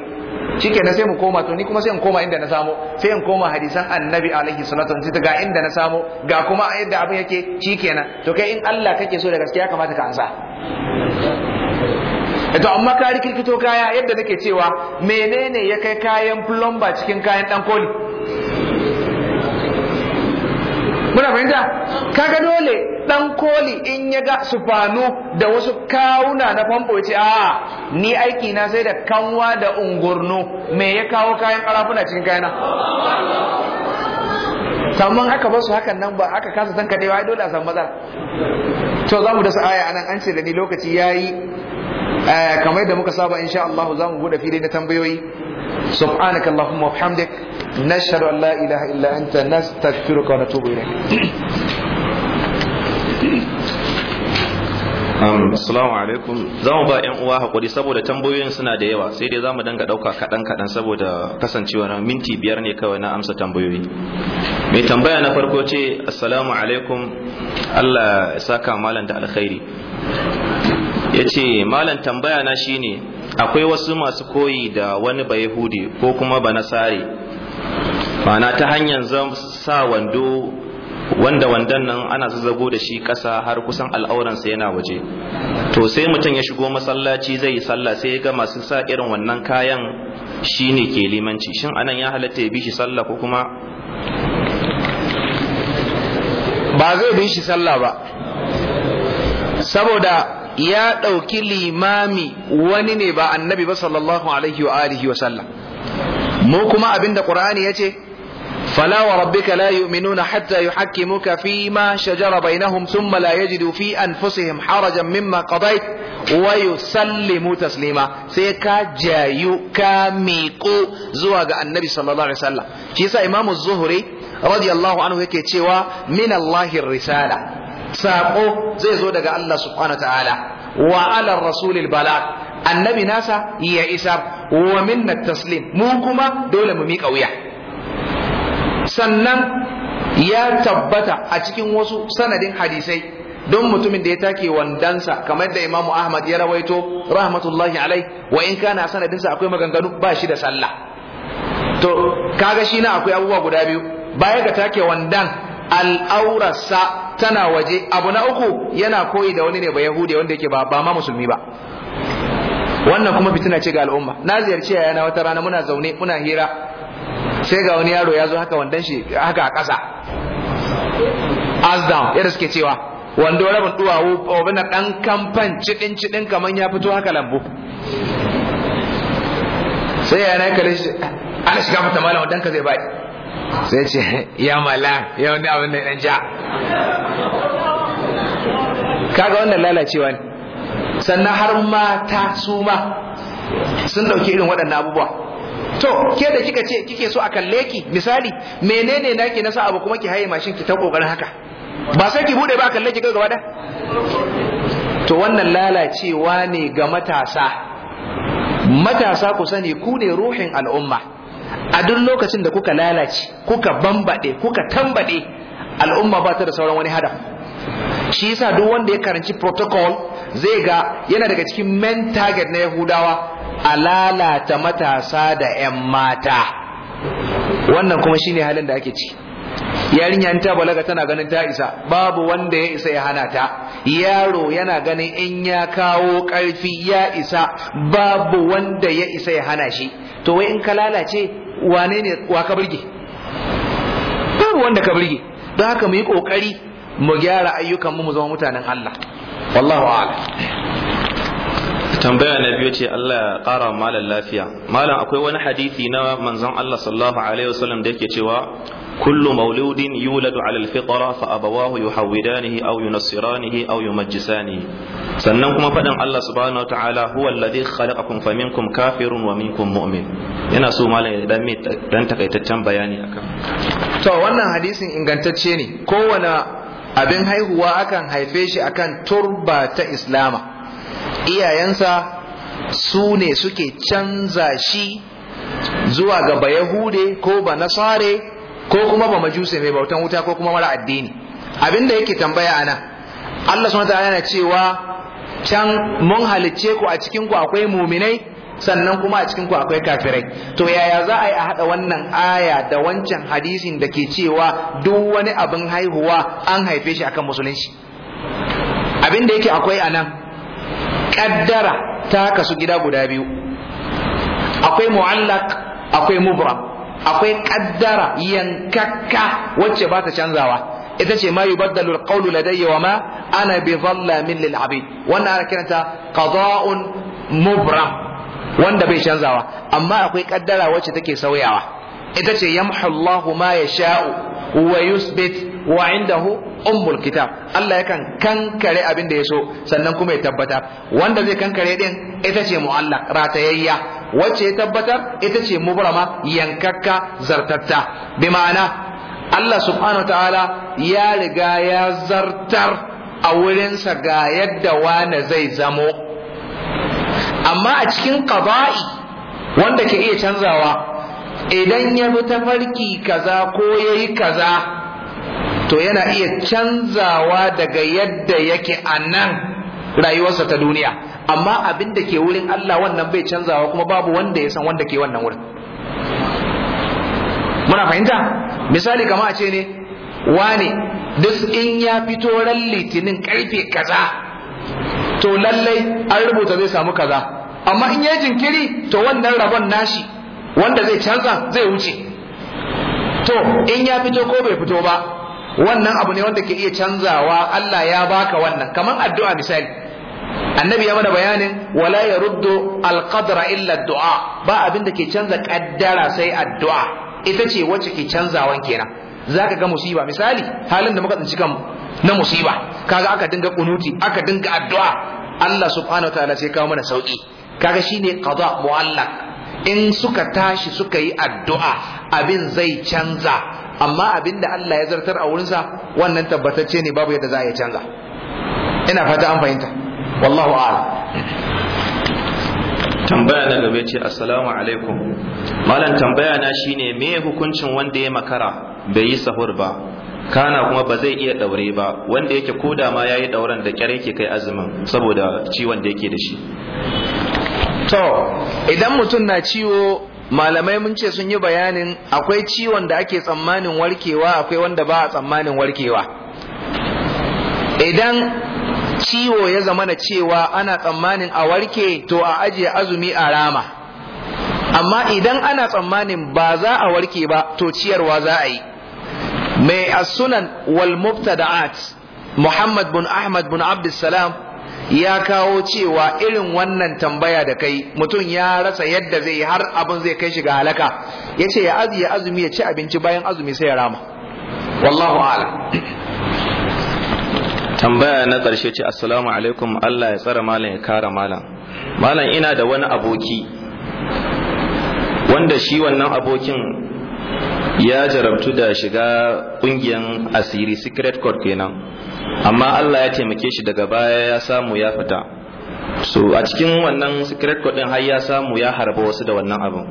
Cike na sai mu koma to ni kuma sai in koma inda na samo sai in koma hadisan annabi alaihi salatu wasallam ga inda na samo ga kuma yadda abin yake shikenan to kai in Allah kake so da gaskiya kamata ka ansa to amma ka rikirkito kaya yadda nake cewa menene ya kai kayan plumber cikin kayan dan koli muna fahimta kaga dole dan koli in ya ga sufanu da wasu kawuna na famfo ya ce a ni aiki na sai da kanwa da ungurnu me ya kawo kayan karafuna cikin kayana saman aka ba su hakan nan ba aka kasa san kadewa ai dole a samu maza. to za mu dasa aya anan an ce da ni lokaci yayi eh, kamar da muka saba insha Allah za mu bude fili na tambayoyi subhanakallahumma wa bihamdik نشهد ان لا اله الا انت نستغفرك ونتوب اليك Assalamu alaikum za mu ba 'yan uwa hakuri saboda tambayoyin suna da yawa sai dai za mu danga ɗauka kaɗan kaɗan saboda kasancewa na minti biyar ne kawai na amsa tambayoyi mai tambaya na farko ce assalamu alaikum Allah ya saka malam da alkhairi ya ce malam tambaya na shine akwai wasu masu koyi da wani bayahudi ko kuma banasare ma'ana ta hanyar sa wando wanda wandan nan ana zazzago da shi ƙasa har kusan al'auransa yana waje to sai mutum ya shigo masallaci zai yi sallah sai ya ga masu sa irin wannan kayan shine ke limanci shin anan ya halatta ya bi shi sallah ko kuma ba zai bi shi sallah ba saboda ya ɗauki limami wani ne ba annabi ba sallallahu alaihi wa alihi wa sallam mu kuma abinda qur'ani yace fala wa rabbika la yu'minuna hatta yuhakkimuka fi ma shajara bainahum thumma la yajidu fi anfusihim harajan mimma qadait wa yusallimu taslima sai ka jayu ka miƙu zuwa ga annabi sallallahu alaihi wasallam shi yasa imamu zuhri radiyallahu anhu yake cewa min allahi risala sako zai zo daga Allah subhanahu wa ta'ala wa ala rasulil balagh annabi nasa ya isa wa minna taslim mu kuma dole mu mika wuya sannan ya tabbata a cikin wasu sanadin hadisai don mutumin da ya take wandansa kamar da imamu ahmad ya rawaito rahmatullahi alai wa in kana sanadinsa akwai maganganu ba shi da sallah to kaga shi na akwai abubuwa guda biyu baya ga take wandan al'aurarsa tana waje abu na uku yana koyi da wani ne ba yahudi wanda yake ba ba musulmi ba wannan kuma fitina ce ga al'umma na ziyarci yayana wata rana muna zaune muna hira sai ga wani yaro ya zo haka wandan shi haka a ƙasa as down yadda suke cewa wando rabin duwawu obin na ɗan kamfan cikin-cikin kamar ya fito haka lambu sai yana ya kalle shi ana shiga fata malam dan ka zai bai sai ce ya mala ya wani abin da ɗan ja kaga wannan lalacewa ne sannan har mata su ma sun ɗauki irin waɗannan abubuwa to ke da kika ce kike so a kalle ki misali menene naki na sa abu kuma ki haye mashin ki ta kokarin haka ba sai ki bude ba kalle ki gaba da to wannan lalacewa ne ga matasa matasa ku sani ku ne ruhin al'umma a duk lokacin da kuka lalace kuka bambade kuka tambade al'umma ba ta da sauran wani hada shi yasa duk wanda ya karanci protocol zai ga yana daga cikin main target na yahudawa a lalata matasa da 'yan mata wannan kuma shine halin da ake ci yarinya in ta balaga tana ganin ta isa babu wanda ya isa ya hana ta yaro yana ganin in ya kawo ƙarfi ya isa babu wanda ya isa ya hana shi to wai in ka lalace wane ne wa ka burge babu wanda ka burge don haka mu yi ƙoƙari mu gyara ayyukan mu mu zama mutanen Allah wallahu a'lam tambaya na biyu ce Allah ya ƙara malam lafiya malam akwai wani hadisi na manzon Allah sallallahu alaihi wasallam da yake cewa kullu mauludin yuladu ala alfitra fa abawahu yuhawidanihi aw yunassiranihi aw yumajjisanihi sannan kuma faɗin Allah subhanahu ta'ala huwa alladhi khalaqakum faminkum kafirun wa minkum mu'min yana so malam ya dan dan takaitaccen bayani akan to wannan hadisin ingantacce ne kowanne. abin haihuwa akan haife shi akan turba ta islama iyayensa su ne suke canza shi zuwa ga bayahude ko ba nasare ko kuma ba majuse mai bautan wuta ko kuma mara addini abin da yake tambaya ana Allah suna ta'ala na cewa can mun halicce ku a cikin ku akwai muminai sannan kuma a cikin ku akwai kafirai to yaya za a yi a hada wannan aya da wancan hadisin da ke cewa duk wani abin haihuwa an haife shi akan musulunci abin da yake akwai a nan kaddara ta kasu gida guda biyu akwai mu'allak akwai mubram akwai kaddara yankakka wacce ba ta canzawa ita ce ma yubaddalu alqawlu ladayya wa ma ana bi dhallamin lil abid wannan ana kiranta qada'un mubram wanda bai canzawa amma akwai kaddara wacce take sauyawa ita ce yamhu Allahu ma sha'u wa yusbit wa indahu ummul kitab Allah yakan kankare abin da ya so sannan kuma ya tabbata wanda zai kankare din ita ce mu'allaq ratayayya wacce ya tabbatar ita ce mubrama yankakka zartatta bi ma'ana Allah subhanahu ta'ala ya riga ya zartar a wurinsa ga yadda wana zai zamo amma a cikin kaba'i wanda ke iya canzawa idan ya bi tafarki kaza ko yayi kaza to yana iya canzawa daga yadda yake a nan rayuwarsa ta duniya amma abin da ke wurin Allah wannan bai canzawa kuma babu wanda ya san wanda ke wannan wurin muna fahimta misali kama a ce ne wane duk in ya fito ran litinin karfe kaza to lallai an rubuta zai samu kaza amma in yayi jinkiri to wannan rabon nashi wanda zai canza zai wuce to in ya fito ko bai fito ba wannan abu ne wanda ke iya canzawa Allah ya baka wannan kamar addu'a misali annabi ya mana bayanin wala yaruddu alqadra illa du'a ba abin da ke canza kaddara sai addu'a ita ce wacce ke canzawan kenan Za ka ga musiba misali halin da muka tsinci kan na musiba kaga aka dinga kunuti aka dinga addu'a Allah subhanahu Ta'ala sai kawo mana sauki kaga shine qada mu'allaq in suka tashi suka yi addu'a abin zai canza amma abin da Allah ya zartar a wurinsa wannan tabbatacce ne babu yadda za a iya canza ina fata an fahimta wallahu a'lam tambaya na gaba ce assalamu alaikum malam tambaya na shine me hukuncin wanda ya makara bai yi sahur ba kana kuma ba zai iya daure ba wanda yake koda ma yayi dauran da kyar yake kai azumin saboda ciwon da yake da shi to idan mutum na ciwo malamai mun ce sun yi bayanin akwai ciwon da ake tsammanin warkewa akwai wanda ba a tsammanin warkewa idan ciwo ya zama na cewa ana tsammanin a warke to a ajiye azumi a rama amma idan ana tsammanin ba za a warke ba to ciyarwa za a yi mai as-sunan wal mubtada'at Muhammad bin Ahmad bin Abdussalam ya kawo cewa irin wannan tambaya da kai mutum ya rasa yadda zai yi har abin zai kai shi ga halaka ya ce ya azi ya azumi ya ci abinci bayan azumi sai ya rama wallahu ala tambaya na ƙarshe ce assalamu alaikum Allah ya tsara malam ya kara malam malam ina da wani aboki tunda shi wannan abokin ya jarabtu da shiga kungiyar asiri secret court kenan amma Allah ya taimake shi daga baya ya samu ya fita so a cikin wannan secret court din har ya samu ya harba wasu da wannan abin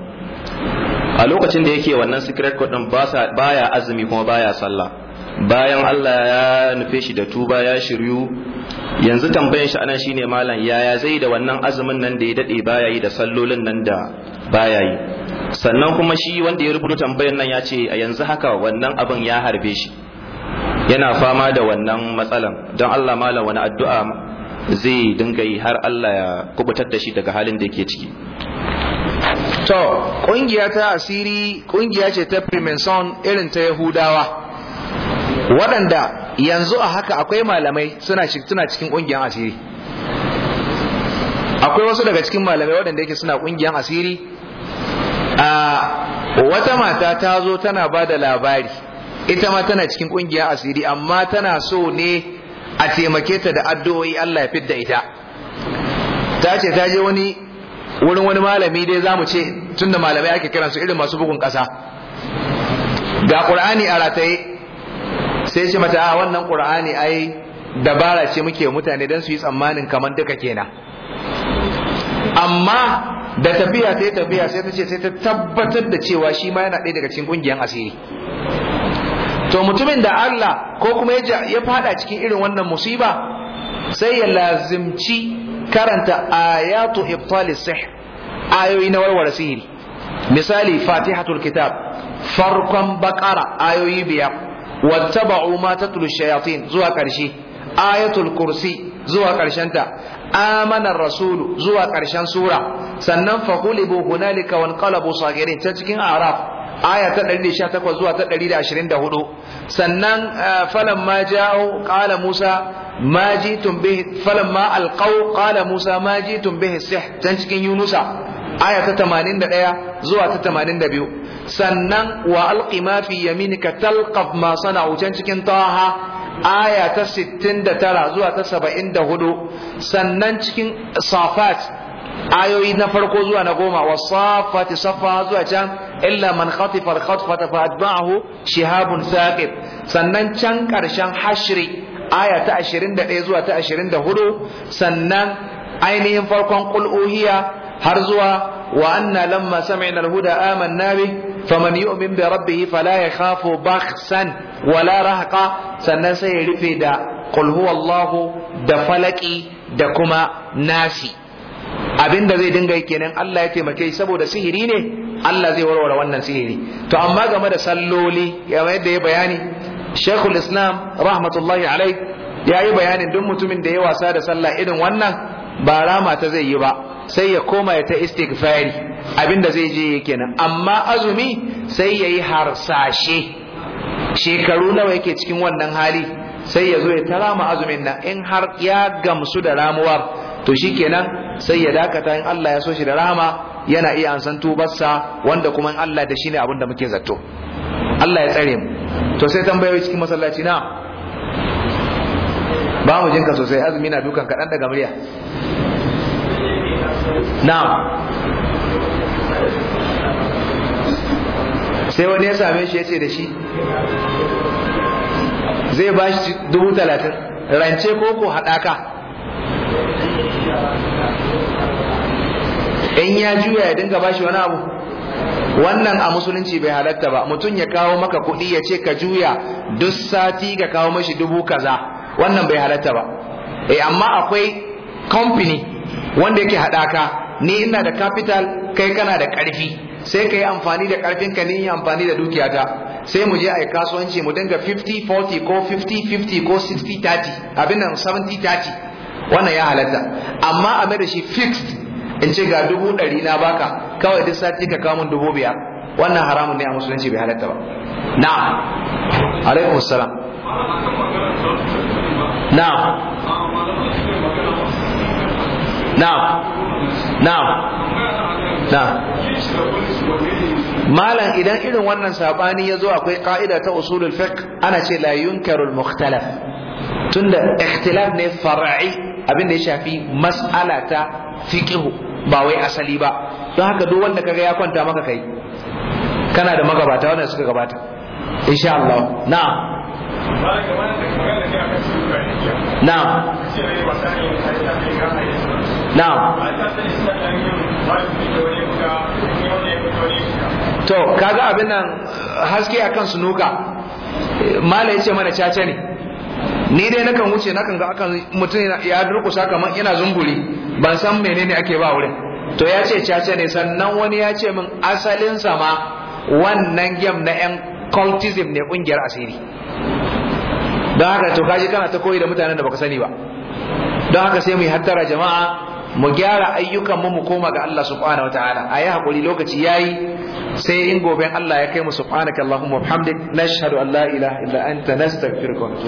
a lokacin da yake wannan secret court din baya azumi kuma baya sallah bayan Allah ya nufe shi da tuba ya shiryu yanzu tambayan shi anan shine malam yaya zai da wannan azumin nan da ya dade baya yi da sallolin nan da baya yi sannan kuma shi wanda ya rubuta tambayar nan ya ce a yanzu haka wannan abin ya harbe shi yana fama da wannan matsalan don Allah malam wani addu'a zai dinga yi har Allah ya kubutar da shi daga halin da yake ciki to kungiya ta asiri kungiya ce ta primason irin ta yahudawa waɗanda yanzu a haka akwai malamai suna tuna cikin kungiyar asiri akwai wasu daga cikin malamai waɗanda yake suna kungiyar asiri a wata mata ta zo tana ba da labari ita ma tana cikin kungiyar asiri amma tana so ne a taimake ta da addu'o'i Allah ya fidda ita ta ce ta je wani wurin wani malami dai zamu ce tunda malamai ake kiransu irin masu bugun ƙasa ga qur'ani a rataye sai ce mata a wannan qur'ani ai dabara ce muke mutane dan su yi tsammanin kaman duka kenan amma da tafiya ta tafiya sai ta ce sai ta tabbatar da cewa shi ma yana ɗaya daga cikin ƙungiyar asiri to mutumin da Allah ko kuma ya fada cikin irin wannan musiba sai ya lazimci karanta ayatu ibtali ayoyi na warware sihiri misali fatihatul kitab farkon bakara ayoyi biyar wattaba'u ma tatlu shayatin zuwa ƙarshe ayatul kursi zuwa ta amanar rasulu zuwa ƙarshen sura sannan faqulibu hunalika wanqalabu sagirin ta cikin araf aya ta 118 zuwa ta 124 sannan eh, falan ma ja'u qala Musa ma jitum bihi falan ma alqaw qala Musa ma jitum bihi sih tan cikin Yunusa aya ta 81 zuwa ta 82 sannan wa alqi ma fi yaminika talqaf ma sana'u tan cikin Taha aya ta 69 zuwa ta 74 sannan cikin safat ayoyi na farko zuwa na goma wa safati safa zuwa can illa man khatifa khatfata fa atba'ahu shihabun thaqib sannan can karshen hashri aya ta 21 zuwa ta 24 sannan ainihin farkon qul har zuwa وأنا لما سمعنا الهدى آمنا به فمن يؤمن بربه فلا يخاف بخسا ولا رهقا سنسي رفدا قل هو الله da دكما ناسي abin da zai dinga kenan Allah ya taimake saboda sihiri ne Allah zai warware wannan sihiri to amma game da salloli yadda ya bayani Shaykhul Islam rahmatullahi alai ya yi bayanin duk mutumin da ya wasa da sallah irin wannan ba rama ta zai yi ba sai ya koma ya ta istighfari abinda zai je kenan amma azumi sai ya yi harsashe shekaru nawa yake cikin wannan hali sai ya zo ya ta rama azumin nan in har ya gamsu da ramuwar to shi nan, sai ya dakata in Allah ya so shi da rama yana iya san tubarsa wanda kuma in Allah da shi ne abinda muke zato Allah ya tsare mu to sai tambayoyi cikin masallaci na ba mu jinka sosai azumi na dukan kaɗan daga murya na'am sai wani ya same shi ya ce da shi zai ba shi dubu talatin rance ko ko haɗaka in ya juya ya dinga ba shi wani abu wannan a musulunci bai halatta ba mutum ya kawo maka kuɗi ya ce ka juya duk sati ka kawo mashi dubu kaza wannan bai halatta ba eh amma akwai company wanda yake haɗaka ni ina da capital kai kana da ƙarfi sai ka yi amfani da ƙarfin ka ni yi amfani da dukiyata sai mu je a yi kasuwanci mu dinga 50 40 ko 50 50 ko 60 30 abin nan 70 30 wannan ya halatta amma a mai da shi fixed in ce ga dubu ɗari na baka kawai duk sati ka kawo min dubu biyar wannan haramun ne a musulunci bai halatta ba na'am alaikum salam na'am na'am na'am na'am malam idan irin wannan sabani ya zo akwai ƙa'ida ta usulul fiqh ana ce la yunkaru mukhtalaf tunda ikhtilaf ne far'i abin da ya shafi mas'ala ta fiqh ba asali ba don haka duk wanda kaga ya kwanta maka kai kana da magabata wanda suka gabata insha Allah na'am na'am to kaga abin nan haske akan sunuka mala yace mana caca ne ni dai nakan wuce nakan ga akan mutum ya durkusa kamar yana zumburi ban san menene ake ba wurin to ya ce caca ne sannan wani ya ce min asalin sama wannan gem na yan cultism ne kungiyar asiri don haka to kaji kana ta koyi da mutanen da baka sani ba don haka sai mu yi hattara jama'a mu gyara ayyukan mu mu koma ga Allah subhanahu wataala ayi hakuri lokaci yayi sai in gobe Allah ya kai mu subhanaka allahumma wa bihamdik nashhadu an la ilaha illa anta nastaghfiruka wa